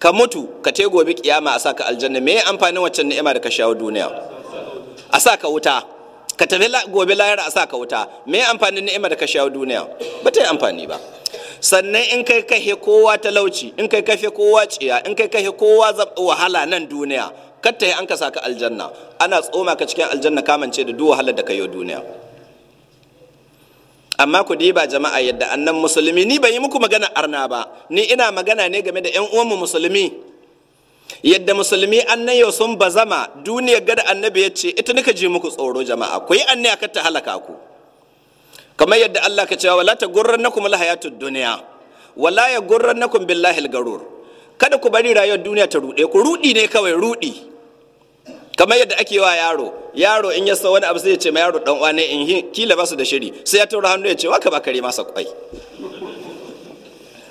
ka mutu ka te gobe kiyama a saka aljanna me amfanin waccan ni'ima da ka shawo duniya a saka wuta ka tafi gobe lahira a saka wuta me amfanin ni'ima da ka shawo duniya ba ta yi amfani ba sannan in kai kahe kowa talauci in kai kafe kowa ciya in kai kahe kowa wahala nan duniya katta an ka saka aljanna ana tsoma ka cikin aljanna kamance da duk wahalar da ka yi duniya amma ku diba jama'a yadda annan musulmi ni ban yi muku magana arna ba ni ina magana ne game da yan uwanmu musulmi yadda musulmi annan yau sun bazama duniyar gada annabi ya ce ita nika ji muku tsoro jama'a ku yi annaya kar ta halaka ku kamar yadda Allah ka cewa wala ta gurrannakum alhayatud duniya, wala ya kuma billahi garur kada ku bari rayuwar duniya ta rude ku rudi ne kawai rudi kamar yadda ake wa yaro yaro in ya sa wani abu sai ya ce ma yaro dan wane in hin kila basu da shiri sai ya tura hannu ya ce waka ba kare masa kwai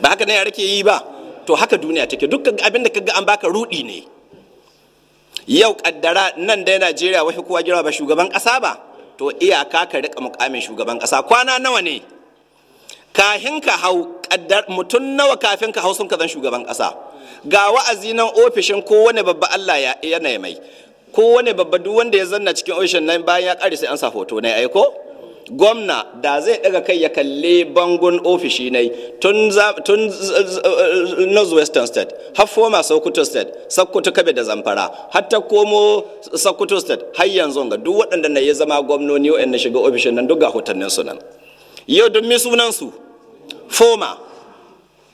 ba haka ne ya rike yi ba to haka duniya take dukkan abin da kaga an baka rudi ne yau kaddara nan da Najeriya wahi kowa jira ba shugaban kasa ba to iyaka ka rika mukamin shugaban kasa kwana nawa ne kahin ka hau mutum nawa kafin ka hau sun ka zan shugaban ƙasa ga wa'azi nan ofishin ko wani babba Allah ya yana mai ko wani babba duk wanda ya zanna cikin ofishin nan bayan ya kare sai an sa hoto ne aiko gwamna da zai daga kai ya kalli bangon ofishi yi, tun northwestern state har former sokoto state sokoto kabe da zamfara har ta komo sokoto state har yanzu ga duk waɗanda na yi zama gwamnoni wa'yan na shiga ofishin nan duk ga hotannin su nan yau don mi sunan su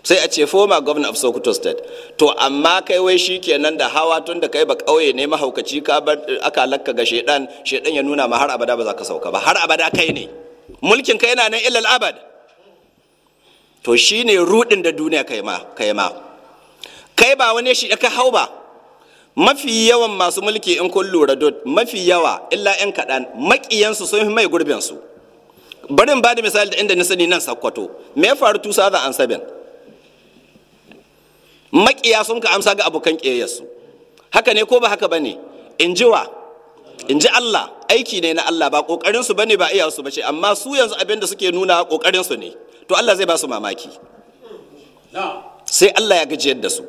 sai a ce former governor of sokoto state to amma kai wai shi kenan da hawa tun da kai ba kauye ne mahaukaci ka bar aka lakka ga shedan shedan ya nuna ma har abada ba za ka sauka ba har abada kai ne mulkin kai yana nan illal abad to shine rudin da duniya kai ma kai ma kai ba wani shi ka hau ba mafi yawan masu mulki in kun lura dot mafi yawa illa yan kaɗan makiyansu sun fi mai su barin ba da misali da inda na sani nan sakkwato me ya faru 2007 maƙiya sun ka amsa ga abokan ƙiyayyarsu haka ne ko ba haka ba ne in ji wa in ji Allah aiki ne na Allah ba ƙoƙarinsu ba ne ba ba ce amma su yanzu abinda suke nuna ƙoƙarinsu ne to Allah zai ba su mamaki sai Allah ya gajiyar da su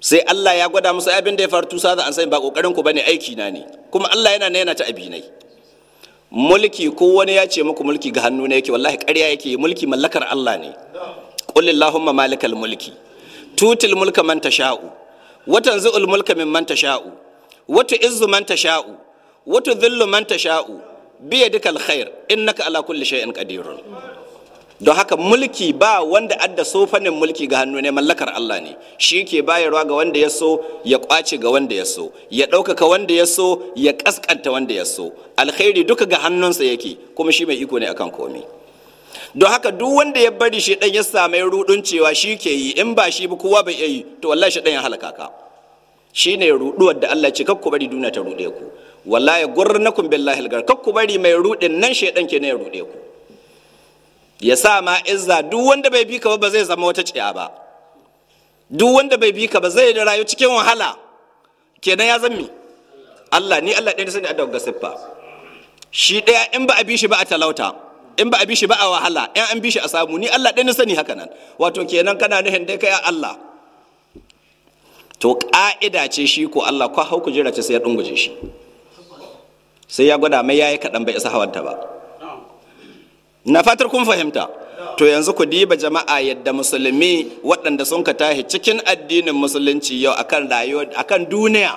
sai Allah ya gwada musu abinda da ya faru tusa da an sani ba ƙoƙarin ku ne aiki na ne kuma Allah yana na yana ta abinai mulki ko wani ya ce muku mulki ga hannu ne yake wallahi ƙarya yake mulki mallakar Allah ne qul allahumma malikal mulki Tutul mulka man tasha'u watan zu'ul mulka sha'u, tasha'u watu izzu man tasha'u watu dhillu man tasha'u bi yadika alkhair innaka ala kulli shay'in qadirun don haka mulki ba wanda adda sofanin mulki ga hannu ne mallakar Allah ne shi ke bayarwa ga wanda ya so ya kwace ga wanda ya so ya ɗaukaka wanda ya so ya ƙasƙanta wanda ya so alkhairi duka ga hannunsa yake kuma shi mai iko ne akan komai don haka duk wanda ya bari shi ya same rudun cewa shi ke yi in ba shi ba kowa bai yi to wallahi shi ya halaka ka ne ruduwar da Allah ce kakku bari duniya ta rude ku wallahi gurnakum billahi algar kakku bari mai rudin nan shi ɗan ke ne ya rude ku ya sa ma izza duk wanda bai bi ka ba zai zama wata ciya ba duk wanda bai bi ka ba zai rayu cikin wahala kenan ya zan mi Allah ni Allah ɗaya sani a daga siffa shi ɗaya in ba a bi shi ba a talauta in ba a bi shi ba a wahala in an bi shi a samu ni Allah ɗaya na sani haka nan wato kenan kana nufin dai kai Allah to ƙa'ida ce shi ko Allah ko hau kujera ce sai ya ɗunguje shi sai ya gwada mai yayi kaɗan bai isa hawanta ba na fatar kun fahimta to yanzu ku diba jama'a yadda musulmi waɗanda sun ka tahi cikin addinin musulunci yau akan rayuwa akan duniya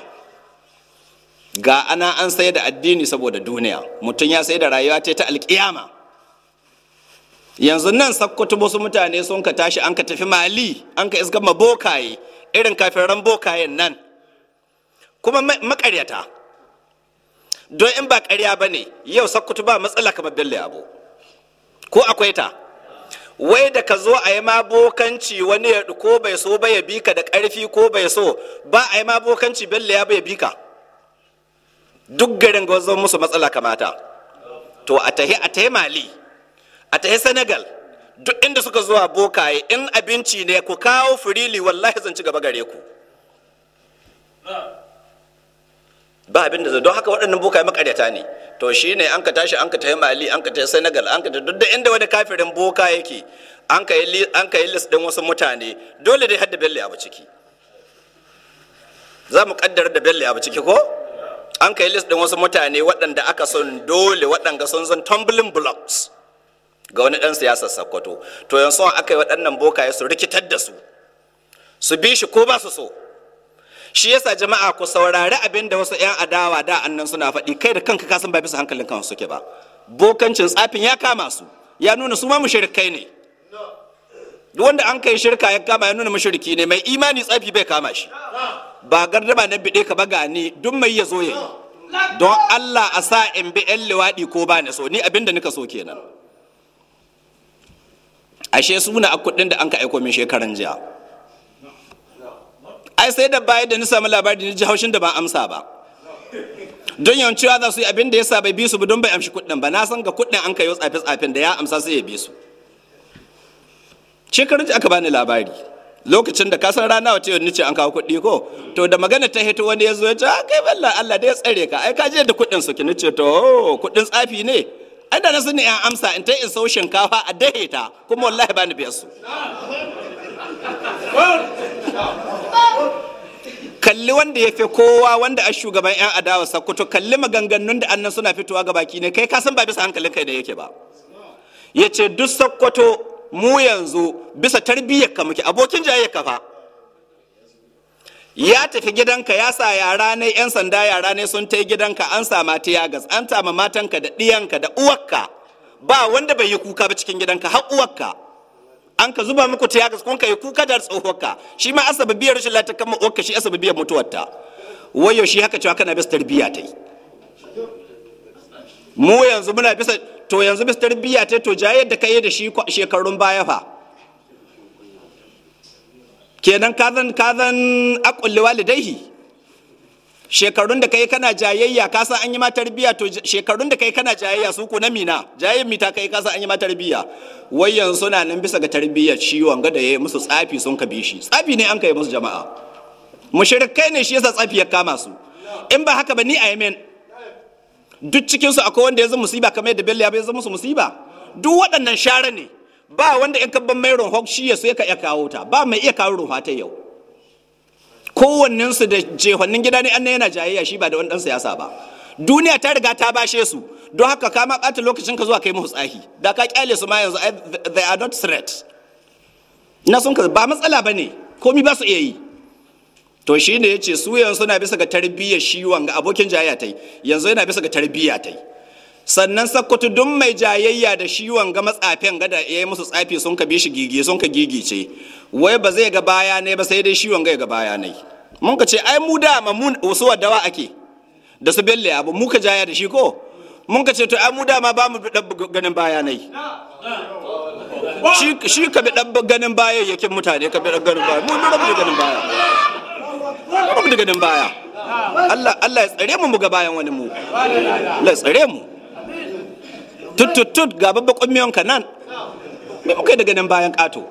ga ana an sai da addini saboda duniya mutum ya sai da rayuwa ta ta alƙiyama yanzu nan sakkwato wasu mutane sun ka tashi an ka tafi mali an ka iska bokaye irin kafiran bokayen nan kuma makaryata don in ba karya ba ne yau sakkwato ba matsala kamar bello abu ko akwai ta wai da ka zo a yi ma bokanci wani ya ko bai so ba ya bika da karfi ko bai so ba a yi ma bokanci bello ya bai bika duk garin ga musu matsala kamata to a tahi a tahi mali a ta senegal duk inda suka zuwa bokaye in abinci ne ku kawo firili wallahi zan ci gaba gare ku ba abin da don haka waɗannan bokaye makaryata ne to shi ne an ka tashi an ka tafi mali an ka tafi senegal an ka duk da inda wani kafirin boka yake an ka yi list ɗin wasu mutane dole dai hadda belle abu ciki za mu kaddara da belle abu ciki ko an ka yi list ɗin wasu mutane waɗanda aka son dole waɗanda sun zan tumbling blocks ga wani ɗan siyasar sakkwato to yanzu aka yi waɗannan bokaye su rikitar da su su bi shi ko ba su so shi yasa jama'a ku saurari abin da wasu 'yan adawa da annan suna faɗi kai da kanka kasan ba bisa hankalin kan suke ba bokancin tsafin ya kama su ya nuna su ma mushrikai ne duk wanda an kai shirka ya kama ya nuna mushriki ne mai imani tsafi bai kama shi ba gardama na bide ka ba gani duk mai ya zo don Allah a sa in bi 'yan liwaɗi ko ba ni so ni abin da nika so kenan ashe suna a kudin da an ka aiko min shekaran jiya ai sai da baya da ni samu labari ni ji haushin da ba amsa ba don yawancewa za su yi abin da ya sa bai bi su don bai amshi kuɗin ba na san ga kuɗin an ka kai tsafe tsafin da ya amsa sai ya bi su shekarun ji aka bani labari lokacin da kasan rana wace yau ce an kawo kuɗi ko to da magana ta hito wani ya zo ya ce ah, kai balla Allah da ya tsare ka ai ka je da kuɗin su ki ce to kuɗin tsafi ne ai da na sani an amsa in ta in sau shinkafa a dahe ta kuma wallahi ba ni biyar su kalli wanda ya fi kowa wanda a shugaban yan adawa sakkwato kalli maganganun da annan suna fitowa ga baki ne kai ka san ba bisa hankalin kai da yake ba ya ce duk sakkwato mu yanzu bisa tarbiyyar ka muke abokin jayayyar ka fa ya tafi gidanka ya sa yara ne yan sanda yara ne sun ta gidanka an sama ta yagas an sa matanka da ɗiyanka da uwakka. ba wanda bai yi kuka ba cikin gidanka har uwakka. an ka zuba muku ta yagas kun ka yi kuka da tsohuwarka shi ma asaba biyar rashin lafiya kan uwarka shi asaba biyar mutuwarta wayo shi haka cewa kana bisa tarbiyya ta yi mu yanzu muna bisa to yanzu bisa tarbiyya ta to jayar da kai da shi shekarun baya fa kenan kazan kazan akulli walidaihi shekarun da kai kana jayayya ka san an yi ma tarbiyya to shekarun da kai kana jayayya su ku na mina jayayyan mita kai ka san an yi ma tarbiyya wai suna nan bisa ga tarbiyya shi wanga da yayi musu tsafi sun ka bi shi tsafi ne an kai musu jama'a mushrikai ne shi yasa tsafi ya kama su in ba haka ba ni a duk cikin su akwai wanda ya zama musiba kamar yadda bello ya bai zama musu musiba duk waɗannan share ne ba wanda in kabban mai rohok shi ya sai ka iya kawo ta ba mai iya kawo ruha ta yau su da jehonnin gida ne annai yana jayayya shi ba da wani dan siyasa ba duniya ta riga ta bashe su don haka ka ma ɓata lokacin ka zuwa kai mu tsahi da ka kyale su ma yanzu they are not threat na sun ka ba matsala bane komai ba su iya yi to shi ne ya ce su yanzu suna bisa ga tarbiyyar shi wanga abokin jayayya ta yanzu yana bisa ga tarbiyya ta sannan sakkwato duk mai jayayya da shi wanga matsafin gada ya yi musu tsafi sun ka bishi gigi sun ka ce. wai ba zai ga baya ne ba sai dai shi wanga ya ga baya ne mun ka ce ai mu da ma mun wasu wadawa ake da su belle abu mu ka jaya da shi ko mun ka ce to ai mu da ma ba mu ganin baya ne shi ka bi dan ganin baya yakin mutane ka bi dan ganin baya mu mu bi ganin baya mu rabu ganin baya Allah Allah ya tsare mu mu ga bayan wani mu Allah ya tsare mu tut ga babba kummiyon ka nan me muka da ganin bayan ƙato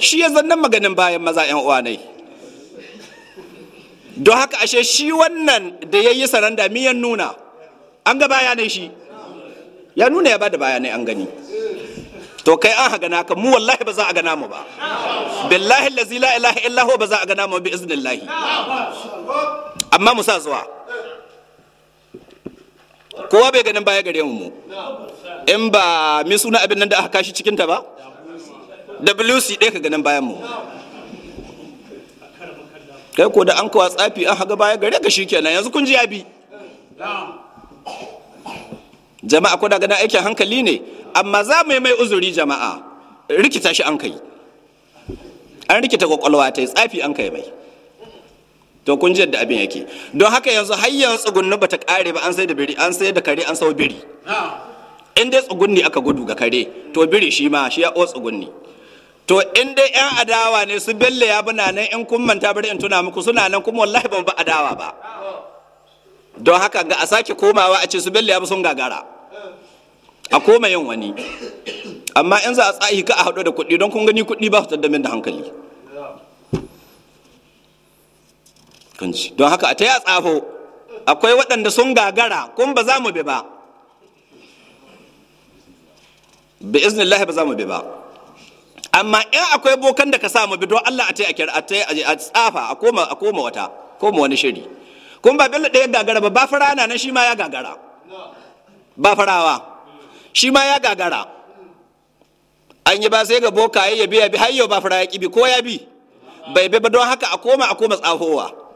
shi ya zannan maganin bayan maza yan uwa ne don haka ashe shi wannan da ya yi saranda miyan nuna an ga bayanai shi ya nuna ya bada bayanai an gani to kai an haga naka mu wallahi ba za a gana mu ba billahi allazi la ilaha illahu ba za a gana mu bi iznillahi amma musa zuwa kowa bai ganin baya gare mu in ba mi suna abin nan da aka kashi cikinta ba wc ɗaya ka ganin bayan mu kai ko da an kawa tsafi an haga baya gare ka kenan yanzu kun ji ya bi jama'a kuna gana aikin hankali ne amma za mu yi mai uzuri jama'a rikita shi an kai an rikita kwakwalwa ta yi tsafi an kai mai to kun ji yadda abin yake don haka yanzu har yanzu tsugunni bata kare ba an sai da biri an sai da kare an sau biri in dai tsugunni aka gudu ga kare to biri shi ma shi ya o tsugunni to in dai yan adawa ne su belle ya buna nan in kun manta bari in tuna muku suna nan kuma wallahi ban ba adawa ba don haka ga a sake komawa a ce su belle ya sun gagara a koma yin wani amma in za a tsahi ka a haɗu da kuɗi don kun gani kuɗi ba su da hankali kanci don haka a ta ya tsafo akwai waɗanda sun gagara kun ba za mu bi ba bi iznillahi ba za mu bi ba amma in akwai bokan da ka sa mu bi don Allah a ta yi a tsafa a koma a koma wata koma wani shiri kun ba bello ɗaya gagara ba ba fara na shi ma ya gagara ba farawa shi ma ya gagara an yi ba sai ga boka ya biya bi har yau ba fara ya ki bi ko ya bi bai bi ba don haka a koma a koma tsafowa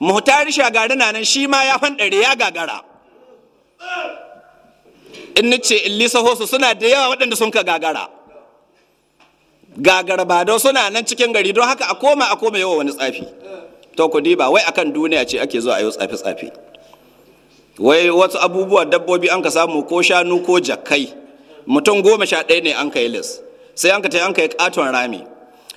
muhtari shagari na nan shi ma ya fanɗare ya gagara in ni ce in hosu suna da yawa waɗanda sun ka gagara gagara ba don suna nan cikin gari don haka a koma a koma yawa wani tsafi to ku ba wai akan duniya ce ake zuwa a yi tsafi tsafi wai wasu abubuwa dabbobi an ka samu ko shanu ko jakai mutum goma sha ɗaya ne an ka yi lis sai an ka ta an ka katon rami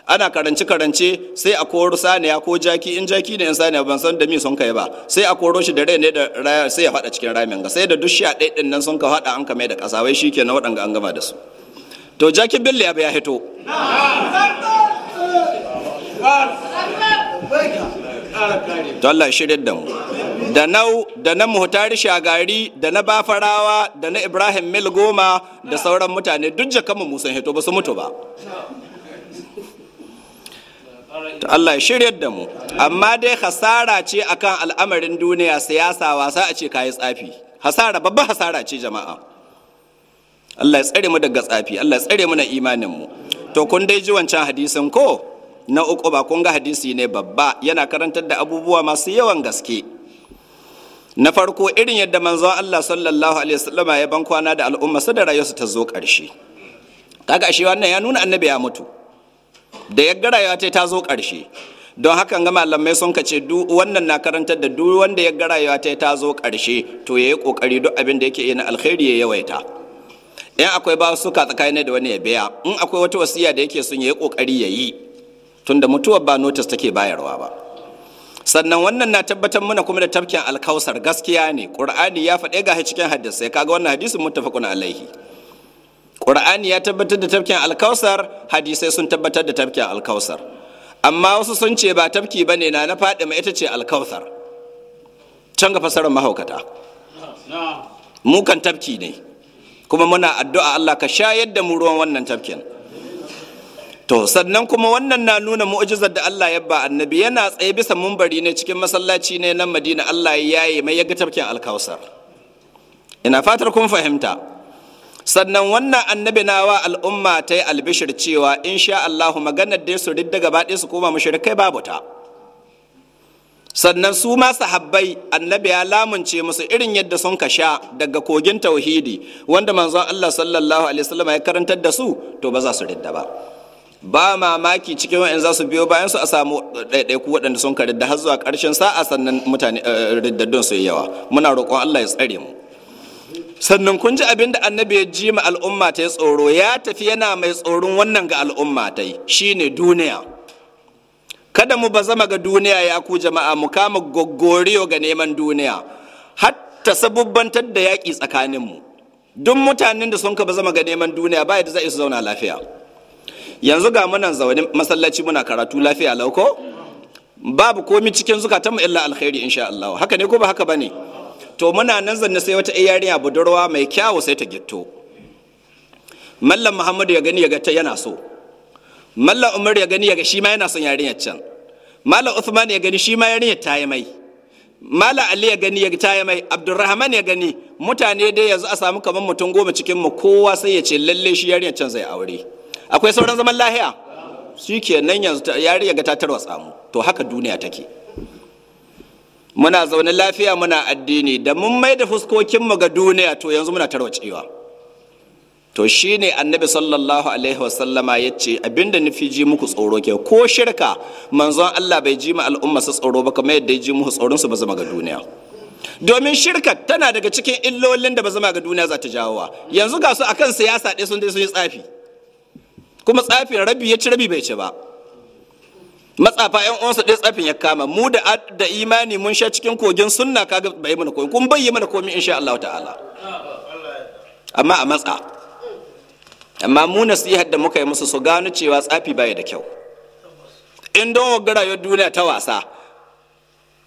ana karance karance sai a koro saniya ko jaki in jaki ne in saniya ban san da mi sun kai ba sai a koro shi da rai ne da raya sai ya faɗa cikin ramin ga sai da duk a ɗaya ɗin nan sun ka fada an mai da ƙasa wai shi na waɗanga an gama da su to jaki, billa ya bi ya hito to Allah shirin da mu da nau da na muhtari shagari da na bafarawa da na ibrahim mil goma da sauran mutane duk mu sun hito ba su mutu ba to Allah ya shiryar da mu amma dai hasara ce akan al'amarin duniya siyasa wasa a ce kayi tsafi hasara babba hasara ce jama'a Allah ya tsare mu daga tsafi Allah ya tsare mu na imanin mu to kun dai ji wancan hadisin ko na uku ba kun ga hadisi ne babba yana karantar da abubuwa masu yawan gaske na farko irin yadda manzon Allah sallallahu alaihi wasallam ya ban kwana da al'umma su da rayuwarsu ta zo karshe kaga shi wannan ya nuna annabi ya mutu da ya ya ta ta zo ƙarshe don haka ga malamai sun kace wannan na karantar da duk wanda ya ya ta ta zo ƙarshe to yayi yi duk abin da yake yi na alkhairi ya yawaita in akwai ba suka tsakanin da wani ya biya in akwai wata wasiya da yake son ya yi ƙoƙari ya yi tunda mutuwar ba notice take bayarwa ba sannan wannan na tabbatar mana kuma da tafkin alkausar gaskiya ne qur'ani ya faɗe ga cikin hadisi kaga wannan hadisin muttafaqun alaihi Qur'ani ya tabbatar da tafkin alkausar hadisai sun tabbatar da tafkin alkausar amma wasu sun ce ba tafki ba ne na na ma ita ce alkausar can ga fasarar mahaukata mukan tafki ne kuma muna addu'a Allah ka shayar da mu ruwan wannan tafkin to sannan kuma wannan na nuna mu'jizar da Allah ya ba annabi yana tsaye bisa mumbari ne cikin masallaci ne na Madina Allah ya yaye mai ga tafkin alkausar ina fatar kun fahimta sannan wannan annabi na wa al'umma ta yi albishir cewa insha Allahu maganar da su ridda gaba su koma mushrikai babu ta sannan su ma sahabbai annabi ya lamunce musu irin yadda sun ka sha daga kogin tauhidi wanda manzon Allah sallallahu alaihi wasallam ya karantar da su to ba za su ridda ba ba mamaki cikin wa'in za su biyo bayan su a samu ɗaiɗaiku waɗanda sun ka ridda har zuwa ƙarshen sa'a sannan mutane eh, riddadun su yawa muna roƙon Allah ya tsare mu sannan kun ji abin da annabi ya ji ma al'umma ta tsoro ya tafi yana mai tsoron wannan ga al'umma ta yi shine duniya kada mu bazama ga duniya ya ku jama'a mu kama goggoriyo ga neman duniya hatta sabubbantar da yaƙi tsakaninmu duk mutanen da sun ka bazama ga neman duniya ba da za su zauna lafiya yanzu ga munan zaune masallaci muna karatu lafiya lauko babu komi cikin zukatanmu illa alkhairi insha Allah haka ne ko ba haka bane to muna nan zanne sai wata yarinya budurwa mai kyawu sai ta gitto mallam muhammadu ya gani ya ga ta yana so mallam umar ya gani ya ga shi ma yana son yarinyar can mallam uthman ya gani shi ma yarinyar ta yi mai Mallam Ali ya gani ya ta yi mai Abdulrahman ya gani mutane dai yanzu a samu kamar mutum goma cikin mu kowa sai ya ce lalle shi yarinyar can zai aure akwai sauran zaman lahiya shi kenan yanzu yarinya ga ta tarwatsa mu to haka duniya take muna zaune lafiya muna addini da mun mai da fuskokinmu ga duniya to yanzu muna tarwacewa to ne annabi sallallahu alaihi wasallama ya ce abinda nufi ji muku tsoro ke ko shirka manzon Allah bai ji ma al'umma su tsoro ba kamar yadda ya ji muku tsoron su ba zama ga duniya domin shirka tana daga cikin illolin da ba zama ga duniya za ta jawowa yanzu ga su akan siyasa ɗaya sun dai sun yi tsafi kuma tsafin rabi ya ci rabi bai ci ba matsafa yan uwansa ɗaya tsafin ya kama mu da da imani mun sha cikin kogin sunna kaga bai mana komai kun bayyana mana komai insha Allah ta'ala amma a matsa amma mu nasihar da muka yi musu su gano cewa tsafi baya da kyau in don wagga rayuwar duniya ta wasa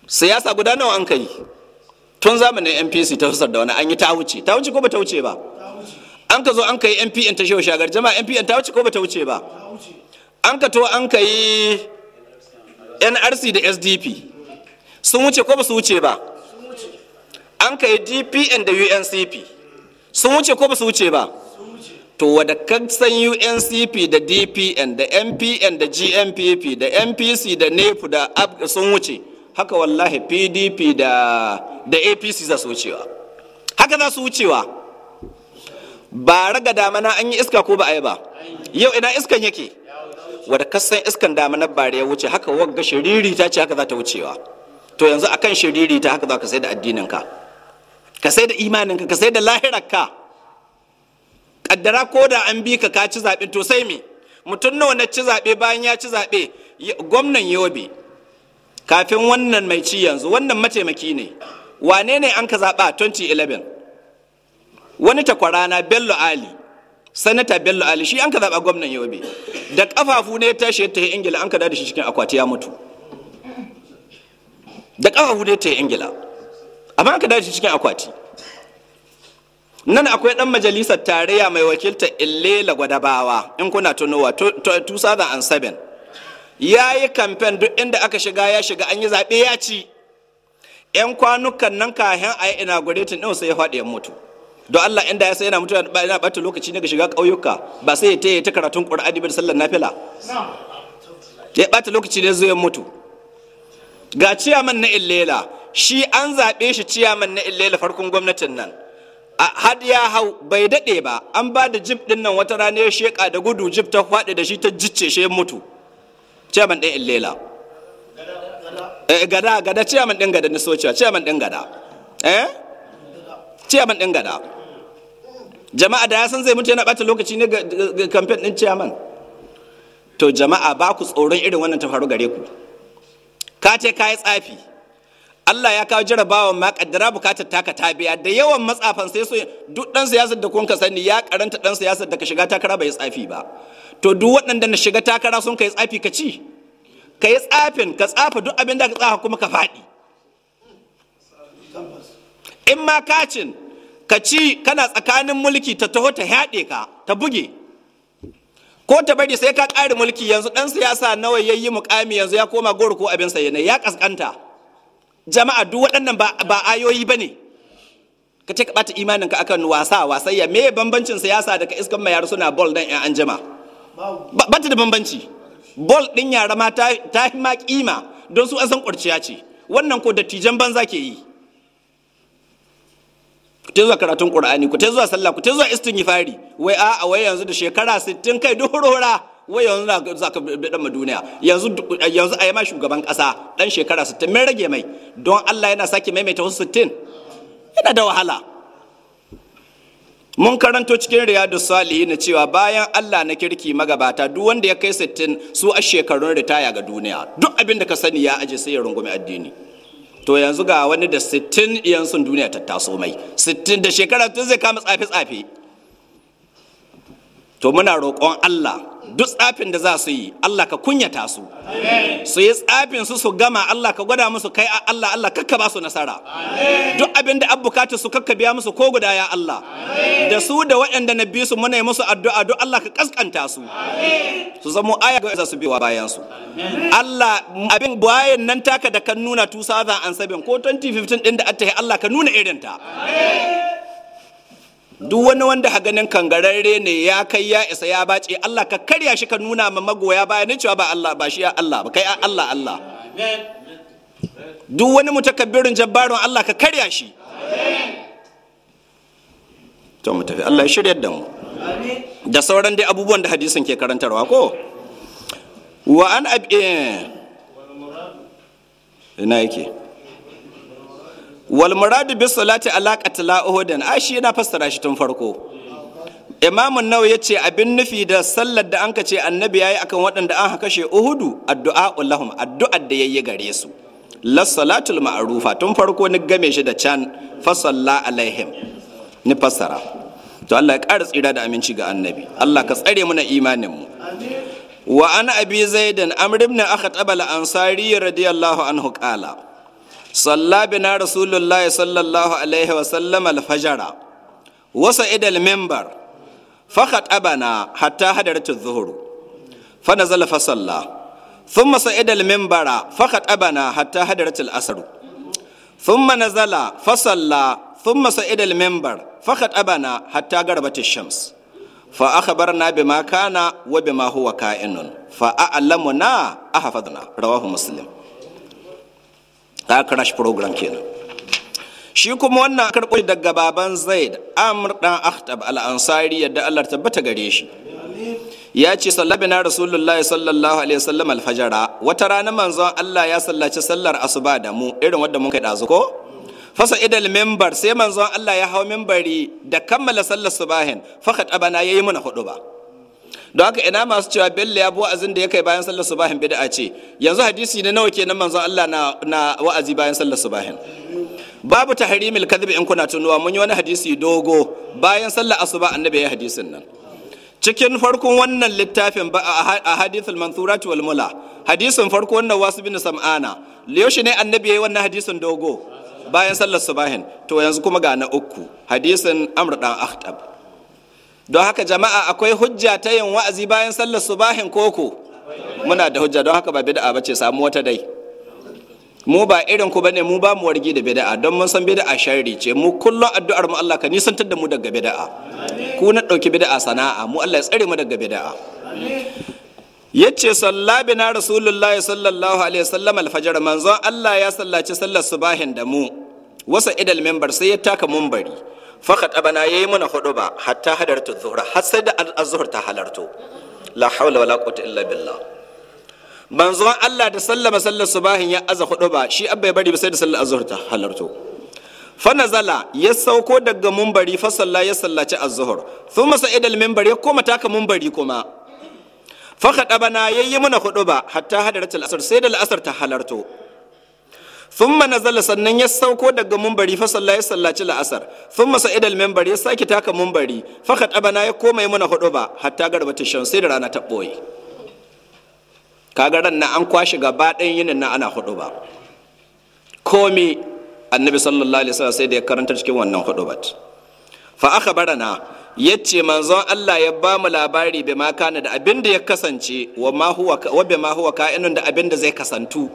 siyasa guda nawa an kai tun zamanin NPC ta husar da wani an yi ta wuce ta wuce ko ba ta wuce ba an ka zo an kai NPN ta shehu shagar jama'a NPN ta wuce ko ba ta wuce ba an ka to an kai yi nrc da sdp sun wuce ko ba su wuce ba an kai dpn da uncp sun wuce ko ba su wuce ba to wadda san uncp da dpn da mpn da gmpp da mpc da nepu da sun wuce haka wallahi pdp da da apc za su wucewa haka za su wucewa ba raga damana an yi iska ko ba a yi ba yau ina iskan yake wadda kasan iskan na Bari ya wuce haka wagga shiriri ta ce haka za ta wucewa to yanzu akan shiriri ta haka za ka sai da addinin ka ka sai da imaninka ka sai da lahirar ka kaddara ko da an bi ka ka ci zaɓe to sai me mutum nawa na ci zaɓe bayan ya ci zaɓe gwamnan yobe kafin wannan mai ci yanzu wannan mataimaki ne wane ne an ka zaɓa 2011 wani takwarana bello ali sanata bello ali shi an ka zaɓa gwamnan yobe da kafafu ne ta shi ta ingila an ka da shi cikin akwati ya mutu da kafafu ne ta ingila amma an ka da shi cikin akwati nan akwai ɗan majalisar tarayya mai wakiltar illela gwadabawa in kuna tunowa 2007 ya yi kamfen duk inda aka shiga ya shiga an yi zaɓe ya ci 'yan kwanukan nan kahin a yi inaugurating ɗin sai ya faɗi ya mutu don Allah inda ya sai yana mutuwa yana bata lokaci ne ga shiga ƙauyuka ba sai ya taya ta karatun Qur'ani ba da sallar nafila ya bata lokaci ne zai mutu ga ciyaman na illela shi an zaɓe shi ciyaman na illela farkon gwamnatin nan a had ya hau bai daɗe ba an ba da jib din nan wata rana ya sheƙa da gudu jib ta faɗi da shi ta jicce shi mutu ciyaman ɗin illela eh, gada gada ciyaman ɗin gada na sociya ciyaman ɗin gada eh ciyaman ɗin gada jama'a da ya san zai mutu yana ɓata lokaci ne ga kamfen ɗin ciyaman to jama'a ba ku tsoron irin wannan ta faru gare ku ka ce ka yi tsafi Allah ya kawo jarabawa ma kaddara bukatar taka ta biya da yawan matsafan sai su duk dan siyasar da kun ka sani ya karanta dan siyasar da ka shiga takara bai tsafi ba to duk waɗanda na shiga takara sun kai tsafi ka ci ka yi tsafin ka tsafa duk abin da ka tsafa kuma ka faɗi in ma kacin ka ci kana tsakanin mulki ta taho ta yaɗe ka ta buge ko ta bari sai ka ƙari mulki yanzu ɗan siyasa nawa ya yi mukami yanzu ya koma goro ko abin sayi ya ƙasƙanta jama'a duk waɗannan ba ayoyi ba ne ka ce ka ɓata imanin ka akan wasa wasayya me bambancin siyasa daga ka mai yaro suna bol dan yan anjima ba ta da bambanci bol ɗin yara ma ta ma kima don su an san ƙurciya ce wannan ko dattijan banza ke yi kute zuwa karatun ƙur'ani kute zuwa sallah kute zuwa istin yifari wai a wai yanzu da shekara 60 kai duhurora wai yanzu na ka bidan ma duniya yanzu yanzu yi ma shugaban ƙasa dan shekara 60 mai rage mai don Allah yana sake maimaita wasu 60 yana da wahala mun karanto cikin riyadu salihi na cewa bayan Allah na kirki magabata duk wanda ya kai 60 su a shekarun ritaya ga duniya duk abin da ka sani ya aje sai ya rungumi addini to yanzu ga wani da sittin iyansun duniya ta taso mai sittin da shekara tun zai kama tsafe-tsafe to muna roƙon Allah duk tsafin da za su yi Allah ka kunyata su su yi tsafin su su gama Allah ka gwada musu kai a Allah Allah kakka ba su nasara duk abin da abbukatu su kakka biya musu ko guda ya Allah da su da waɗanda na bi su muna yi musu addu'a duk Allah ka kaskanta su su zamo aya ga za su biwa bayan su Allah abin bayan nan taka da kan nuna 2007 ko 2015 din da attahi Allah ka nuna irin ta duk wani wanda ha ganin kangararre ne ya kai ya isa ya bace Allah ka karya shi ka nuna ma magoya baya ne cewa ba Allah ba shi ya Allah ba kai Allah Allah duk wani mutakabbirin jabbarun Allah ka karya shi to mu tafi Allah ya shirya da mu da sauran dai abubuwan da hadisin ke karantarwa ko wa an eh. ina yake wal muradu bis salati ala qatla shi yana fassara shi tun farko imamu nawa ya ce abin nufi da sallar da anka ce annabi yayi akan waɗanda an kashe uhudu addu'a lahum addu'ar da yayi gare su las salatul ma'rufa tun farko ni game shi da can fa salla alaihim ni fassara to Allah ya ƙara tsira da aminci ga annabi Allah ka tsare na imanin mu wa ana abi zaidan amr ibn akhatab al ansari radiyallahu anhu qala Sallabi na rasulullahi sallallahu alaihi wasallam alfajara wasa idal membar faka abana hatta hadarat zuhuru fana zala fasalla thumma sa'idal membara faka abana hatta hadarat al'asaru thumma nazala fasalla thumma sa'idal membar fakat abana hatta garbat shams fa akhbarna ma kana wa ma huwa ka'inun fa a'lamuna ahfadna rawahu muslim ta crash program kenan shi kuma wannan karɓo daga baban zaid amr dan akhtab al-ansari yadda Allah tabbata gare shi ya ce sallabina rasulullahi sallallahu alaihi wasallam alfajara wata rana manzon Allah ya sallaci sallar asuba da mu irin wadda mun kai dazu ko fasa idal membar sai manzon Allah ya hau membari da kammala sallar subahin fakat abana yayi mana hudu ba don haka ina masu cewa bello ya bi wa'azin da ya kai bayan sallar subahin bid'a ce yanzu hadisi ne nawa kenan manzon Allah na na wa'azi bayan sallar subahin babu tahrimil kadhib in kuna tunuwa mun yi wani hadisi dogo bayan sallar asuba annabi ya hadisin nan cikin farkon wannan littafin ba a hadithul manthurat wal mula hadisin farko wannan wasu bin sam'ana yaushe ne annabi ya yi wannan hadisin dogo bayan sallar subahin to yanzu kuma ga na uku hadisin amr dan ahtab don haka jama'a akwai hujja ta yin wa'azi bayan sallar subahin koko muna da hujja don haka ba bid'a ce samu wata dai mu ba irin ku bane mu ba mu wargi da bid'a don mun san bid'a sharri ce mu kullum addu'ar mu Allah ka nisantar da mu daga bid'a ku na dauki bid'a sana'a mu Allah ya tsare mu daga bid'a yace salla na rasulullahi sallallahu alaihi wasallam alfajr manzon Allah ya sallaci sallar subahin da mu wasa idal membar sai ya taka mumbari fakat abana yi mana hudu ba hatta hadartu zuhra har sai da az ta halarto la hawla wala quwwata illa billah manzon Allah da sallama sallar subahin ya aza hudu ba shi abba ya bari ba sai da sallar az ta halarto fa nazala ya sauko daga mumbari fa salla ya sallaci az-zuhr thumma sa'ida al-minbari ya koma taka mumbari kuma fa khadabana yayi muna hudu ba hatta hadartu al-asr sai da al-asr ta halarto thumma nazala sannan ya sauko daga mumbari fa sallaye sallaci la'asar thumma sa'ida al-minbar ya saki taka mumbari fa khatabana ya koma yi mana hudu ba hatta ta shan sai da rana ta boye kaga ran na an kwashi gaba ɗayan yinin na ana hudu ba komi annabi sallallahu alaihi wasallam sai da ya karanta cikin wannan hudu ba fa akhbarana yace manzon Allah ya ba mu labari bai ma kana da abinda ya kasance wa ma huwa wa ma huwa ka'inun da abinda zai kasantu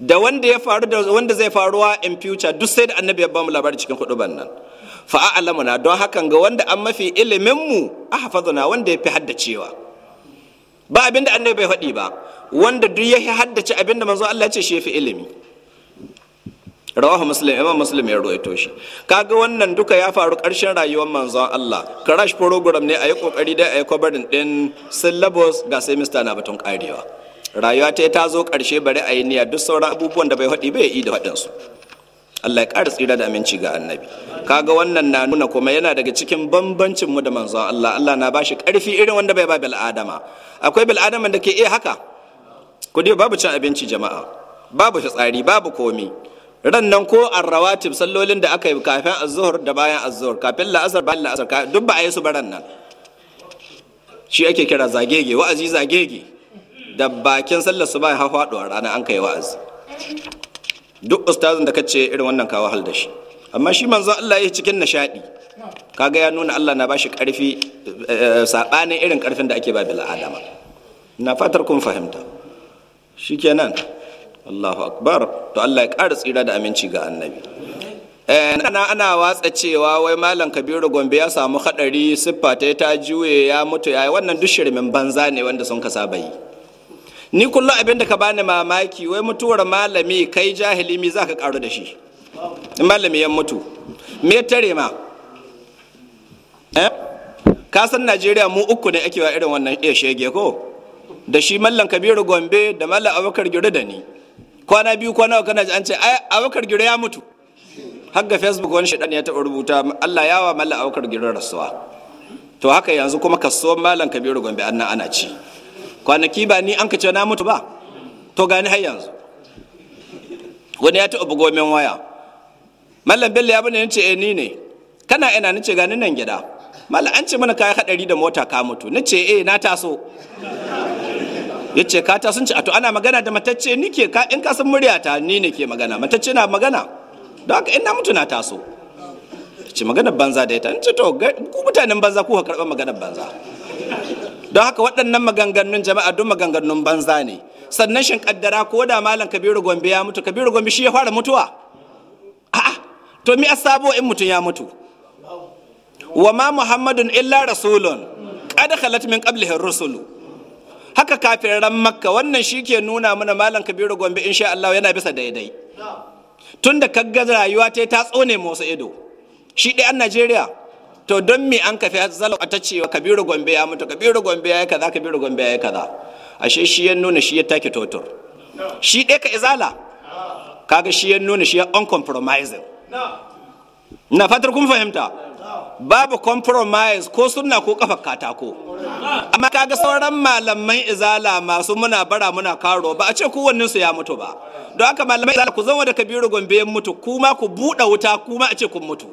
da wanda ya faru da wanda zai faruwa in future duk sai da annabi ya bamu labari cikin huduban nan fa a'lamuna don hakan ga wanda an mafi ilimin mu ahfazuna wanda ya fi haddacewa ba abinda annabi bai faɗi ba wanda duk ya haddace abinda manzo Allah ya ce shi ya fi ilimi rawahu muslim imam muslim ya ruwaito shi kaga wannan duka ya faru karshen rayuwar manzo Allah crash program ne a yi kokari dai a yi kwabarin din syllabus ga sai mista na batun karewa rayuwa ta ta zo ƙarshe bari a yi niyya duk sauran abubuwan da bai haɗi bai yi da haɗinsu Allah ya ƙara tsira da aminci ga annabi Ka ga wannan na nuna kuma yana daga cikin bambancin mu da manzo Allah Allah na bashi ƙarfi irin wanda bai ba bil adama akwai bil adama da ke iya haka ku babu cin abinci jama'a babu fitsari babu komi ran nan ko arrawatib sallolin da aka yi kafin azzuhur da bayan azzuhur kafin la'asar bayan la'asar duk ba a yi su ba ran nan shi ake kira zagege wa'azi zagege da bakin sallar su bai hawa a rana an kai wa'azi duk ustazin da ka ce irin wannan kawo hal da shi amma shi manzo Allah ya cikin nishadi kaga ya nuna Allah na bashi karfi eh, sabanin irin karfin da ake ba bil adama na fatar kun fahimta Shi kenan Allahu akbar to Allah ya ƙara tsira da aminci ga annabi ana eh, ana watsa cewa wai malam kabiru gombe ya samu hadari siffa ta ta juye ya mutu ya wannan duk shirmin banza ne wanda sun saba yi. ni kullum abin da ka bani mamaki wai mutuwar malami kai jahili mi za ka karu da shi malami ya mutu me tare ma eh? ka san najeriya mu uku ne ake wa irin wannan iya shege ko da shi mallan kabiru gombe da mallan abokar gire da ni kwana biyu kwana kana ji an ce ai abokar gire ya mutu har ga facebook wani shaɗan ya taɓa rubuta allah yawa mallan abokar gire rasuwa to haka yanzu kuma kaso mallan kabiru gombe an ana ci kwanaki ba ni an ka ce na mutu ba to gani har yanzu wani ya taɓa gomen waya mallam bello ya bane nace eh ni ne kana ina nace gani nan gida mallam an ce mana kai hadari da mota ka mutu nace eh na taso yace ka ta sun ce a to ana magana da matacce ni ke ka in ka san muryata ni ne ke magana matacce na magana don haka ina mutu na taso ce magana banza da ita in ce to ku mutanen banza ku ka karɓa magana banza don haka waɗannan maganganun jama'a duk maganganun banza ne sannan shin kaddara ko da malam kabiru gombe ya mutu kabiru gombe shi ya fara mutuwa a'a to mi asabo in mutum ya mutu wa ma muhammadun illa rasulun qad khalat min qablihi rusulu haka kafiran makka wannan shi ke nuna mana malam kabiru gombe insha Allah yana bisa daidai Tunda da rayuwa ta ta tsone motsa ido shi dai an najeriya to don me an kafi zalo ta cewa kabiru gombe ya mutu kabiru gombe ya yi kaza kabiru gombe ya yi kaza ashe shi ya nuna shi ya take totor shi ɗaya ka izala kaga shi ya nuna shi ya uncompromising na fatar kun fahimta babu compromise ko sunna ko kafa katako amma kaga sauran malaman izala masu muna bara muna karo ba a ce kowannen su ya mutu ba don haka malaman izala ku zama da kabiru gombe ya mutu kuma ku buɗe wuta kuma a ce kun mutu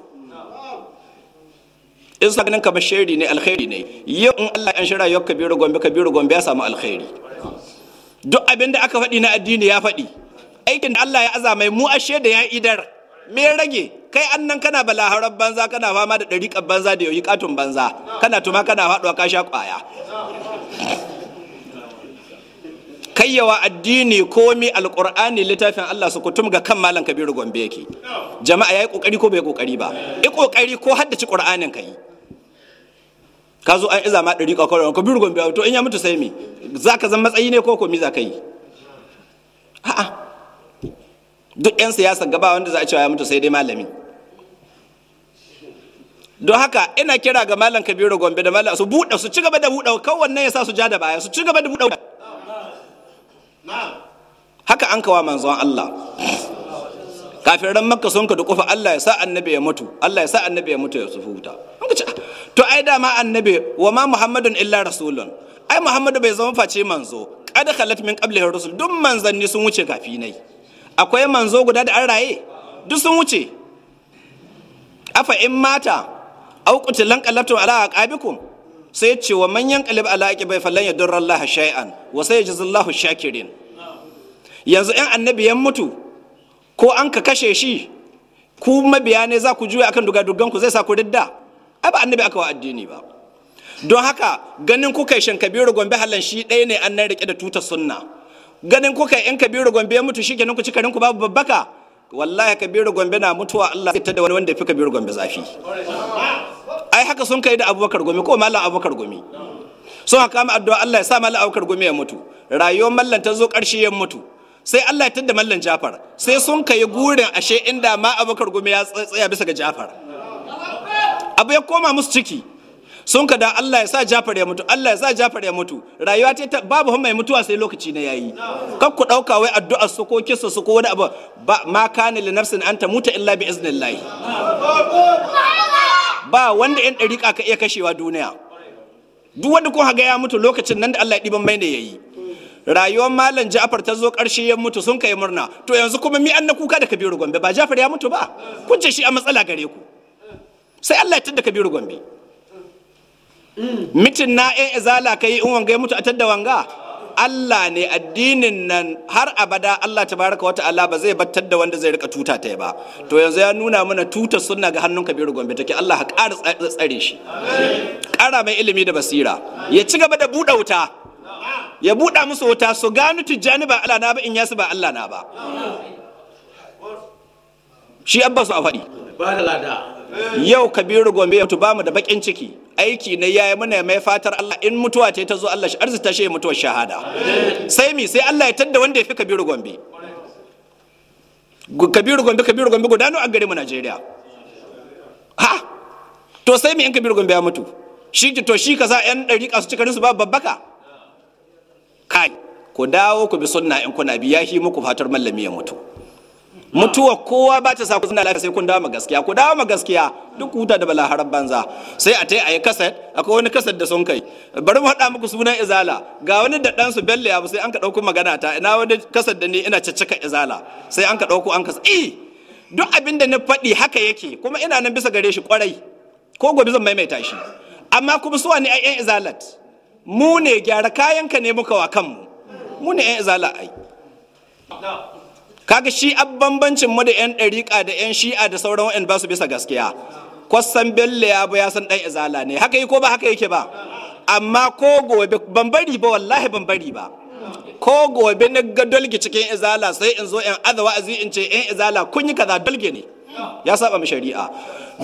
in sa ganin kamar shari ne alkhairi ne yau in Allah ya shirya yau kabiru gombe kabiru gombe ya samu alkhairi duk abin da aka faɗi na addini ya faɗi aikin da Allah ya aza mai mu ashe da ya idar me rage kai annan kana balaharar banza kana fama da ɗariƙar banza da yoyi katon banza kana tuma kana faɗuwa ka sha kwaya. kayyawa addini komi alƙur'ani littafin Allah su kutum ga kan malam kabiru gombe yake jama'a ya yi kokari ko bai kokari ba i kokari ko haddaci ƙur'anin ka yi ka zo an iza ma ɗari kawai-kawai, ka birgon gombe to in ya mutu sai me za ka zan matsayi ne ko komi za ka yi a'a duk 'yan siyasa gaba wanda za a cewa ya mutu sai dai malami don haka ina kira ga malam kabiru gombe da malam su buɗe su ci gaba da buɗe kowanne ya sa su ja da baya su ci gaba da buɗe haka an kawa manzon Allah kafiran makka sun ka dukufa Allah ya sa annabi ya mutu Allah ya sa annabi ya mutu ya sufuta ah, to ai dama annabi wa ma muhammadun illa rasulun ai muhammadu bai zama face manzo qad khalat min qablihi rusul duk manzanni sun wuce kafinai akwai manzo guda da an raye duk sun wuce afa in mata aw qutilan qalatu ala aqabikum sai ce wa manyan qalib ala aqibai fallan yadurra Allah shay'an wa sayajizullahu shakirin yanzu in annabi ya mutu ko an ka kashe shi ku mabiya ne za ku juya akan dugan ku zai sa ku ridda ai ba annabi aka wa addini ba don haka ganin kuka shan kabiru gombe halan shi ɗaya ne an nan rike da tutar sunna ganin kuka in kabiru gombe ya mutu shikenan ku cika ku babu babbaka wallahi kabiru gombe na mutuwa Allah zai da wani wanda ya fi kabiru gombe zafi ai haka sun kai da abubakar gombe ko mallam abubakar gombe sun haka ma addu'a Allah ya sa mallam abubakar gombe ya mutu rayuwar mallan ta zo ƙarshe ya mutu sai Allah ya tada mallan Jafar sai sun kai gurin ashe inda ma Abubakar gumi ya tsaya bisa ga Jafar abu ya koma musu ciki sun ka da Allah ya sa Jafar ya mutu Allah ya sa Jafar ya mutu rayuwa ta babu mai mutuwa sai lokaci na yayi kar ku dauka wai addu'a su ko kissa su ko wani abu Ba ma kana li nafsin anta muta illa bi iznillah ba wanda yan dariƙa ka iya kashewa duniya duk wanda ko haga ya mutu lokacin nan da Allah ya diban mai ne yayi rayuwar malam ja'far ta zo karshe ya mutu sun kai murna to yanzu kuma mi an na kuka da kabiru gombe ba ja'far ya mutu ba kun ce shi a matsala gare ku sai allah ya tadda kabiru gombe mitin na yan izala kai in wanga ya mutu a tadda wanga allah ne addinin nan har abada allah tabaraka wata ta'ala ba zai battar da wanda zai rika tuta ta ba to yanzu ya nuna mana tuta sunna ga hannun kabiru gombe take allah ka ƙara tsare shi ƙara mai ilimi da basira ya ci gaba da buɗe wuta ya buɗa musu wuta su gano tijjani ba Allah na ba in yasu ba Allah na ba shi abba su a faɗi yau kabiru gombe ya mutu ba mu da bakin ciki aiki na yaya muna mai fatar Allah in mutuwa ta ta zo Allah shi ta shi mutuwar shahada sai mi sai Allah ya tadda wanda ya fi kabiru gombe kabiru gombe kabiru gombe gudanu a gari mu Najeriya ha to sai mi in kabiru gombe ya mutu shi to shi kaza yan dariƙa su cika su ba babbaka kai ku dawo ku bi sunna in kuna bi shi muku fatar mallami ya mutu mutuwa kowa ba ta sa ku sunna lafiya sai kun dawo ma gaskiya ku dawo ma gaskiya duk huta da bala harar banza sai a tai ayi kaset akwai wani kaset da sun kai bari mu haɗa muku sunan izala ga wani da dan su belle abu sai an ka ɗauko magana ta ina wani kaset da ni ina caccaka izala sai an ka ɗauko an kasa eh duk abin da na faɗi haka yake kuma ina nan bisa gare shi kwarai ko gobe zan maimaita shi amma kuma suwa ne ai yan izalat mu ne gyara kayanka ne muka wa kanmu mu ne 'yan izala ai kaga shi an bambancin mu da 'yan ɗariƙa da 'yan shi'a da sauran wa'in ba su bisa gaskiya kwasan bello ya bu ya san ɗan izala ne haka yi ko ba haka yake ba amma ko gobe bambari ba wallahi bambari ba ko gobe na ga dolgi cikin izala sai in zo yan azawa wa'azi in ce yan izala kun yi kaza dolgi ne ya saba mu shari'a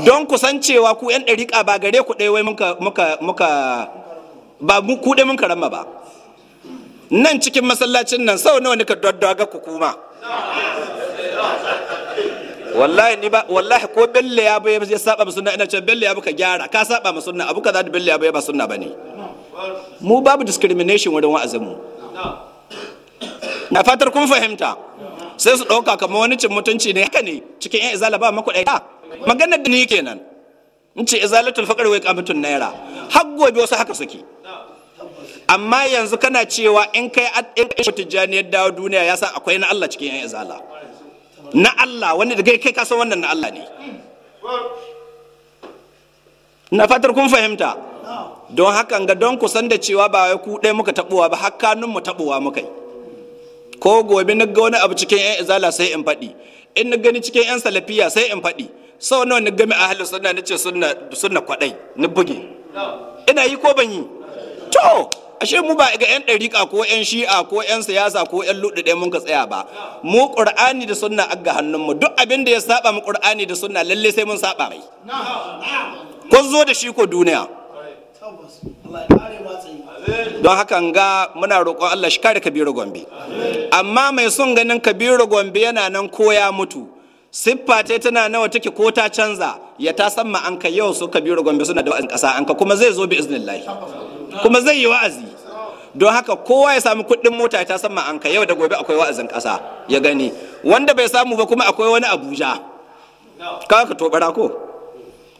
don kusancewa ku yan ɗariƙa ba gare ku ɗaya wai muka muka muka ba mu kuɗe mun karama ba nan cikin masallacin nan sau nawa nika daddaga ku kuma wallahi ni ba wallahi ko bille ya bai ya saba mu sunna ina ce bille ya buka gyara ka saba mu sunna abu kaza da bille ya bai ba sunna bane mu babu discrimination wurin wa'azin mu na fatar kun fahimta sai su dauka kamar wani cin mutunci ne haka ne cikin yan izala ba maku ɗaya maganar da ni kenan in ce izalatul faqr wai qamatun naira har gobe wasu haka suke amma yanzu kana cewa in kai in kai tijjani ya dawo duniya ya san akwai na Allah cikin yan izala na Allah wani daga kai ka san wannan na Allah ne na fatar kun fahimta don hakan ga don kusan da cewa ba wai ku ɗaya muka taɓuwa ba har kanun mu taɓuwa muka yi ko gobe na ga wani abu cikin yan izala sai in faɗi in na gani cikin yan salafiya sai in faɗi sau nawa na gami halin sunna nace sunna sunna kwadai ni buge ina yi ko ban yi to ashe mu ba ga yan ɗariƙa ko yan shi'a ko yan siyasa ko yan luɗuɗe mun ka tsaya ba mu ƙur'ani da sunna hannun hannunmu duk abin da ya saba mu ƙur'ani da sunna lalle sai mun saba mai kun zo da shi ko duniya don hakan ga muna roƙon Allah shi kare kabiru gombe amma mai son ganin kabiru gombe yana nan ko ya mutu siffa ce tana nawa take ko ta canza ya ta san ma an ka yau su kabiru gombe suna da wa'azin ƙasa an ka kuma zai zo bi iznillahi kuma zai yi wa'azi don haka kowa ya samu kuɗin mota ta san an yau da gobe akwai wa'azin ƙasa ya gani wanda bai samu ba kuma akwai wani abuja kawo ka tobara ko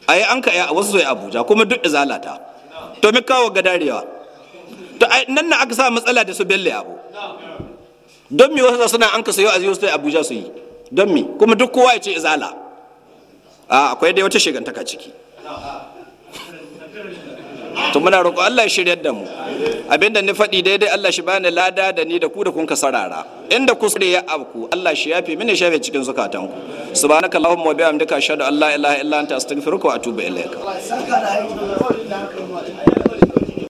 a yi an ka ya wasu zai abuja kuma duk zalata to mi kawo ga darewa to nan na aka sa matsala da su belle abu don mi wasu suna an ka sayo a su abuja su yi don mi kuma duk kowa ya ce izala a akwai dai wata shigantaka ciki to muna roƙo Allah ya shiryar da mu abinda ni faɗi daidai Allah shi bani lada da ni da ku da kun ka sarara inda kuskure ya abku Allah shi yafe mini shafe cikin zukatan ku subhanaka allahumma wa bihamdika ashhadu an la ilaha illa anta astaghfiruka wa atubu ilaik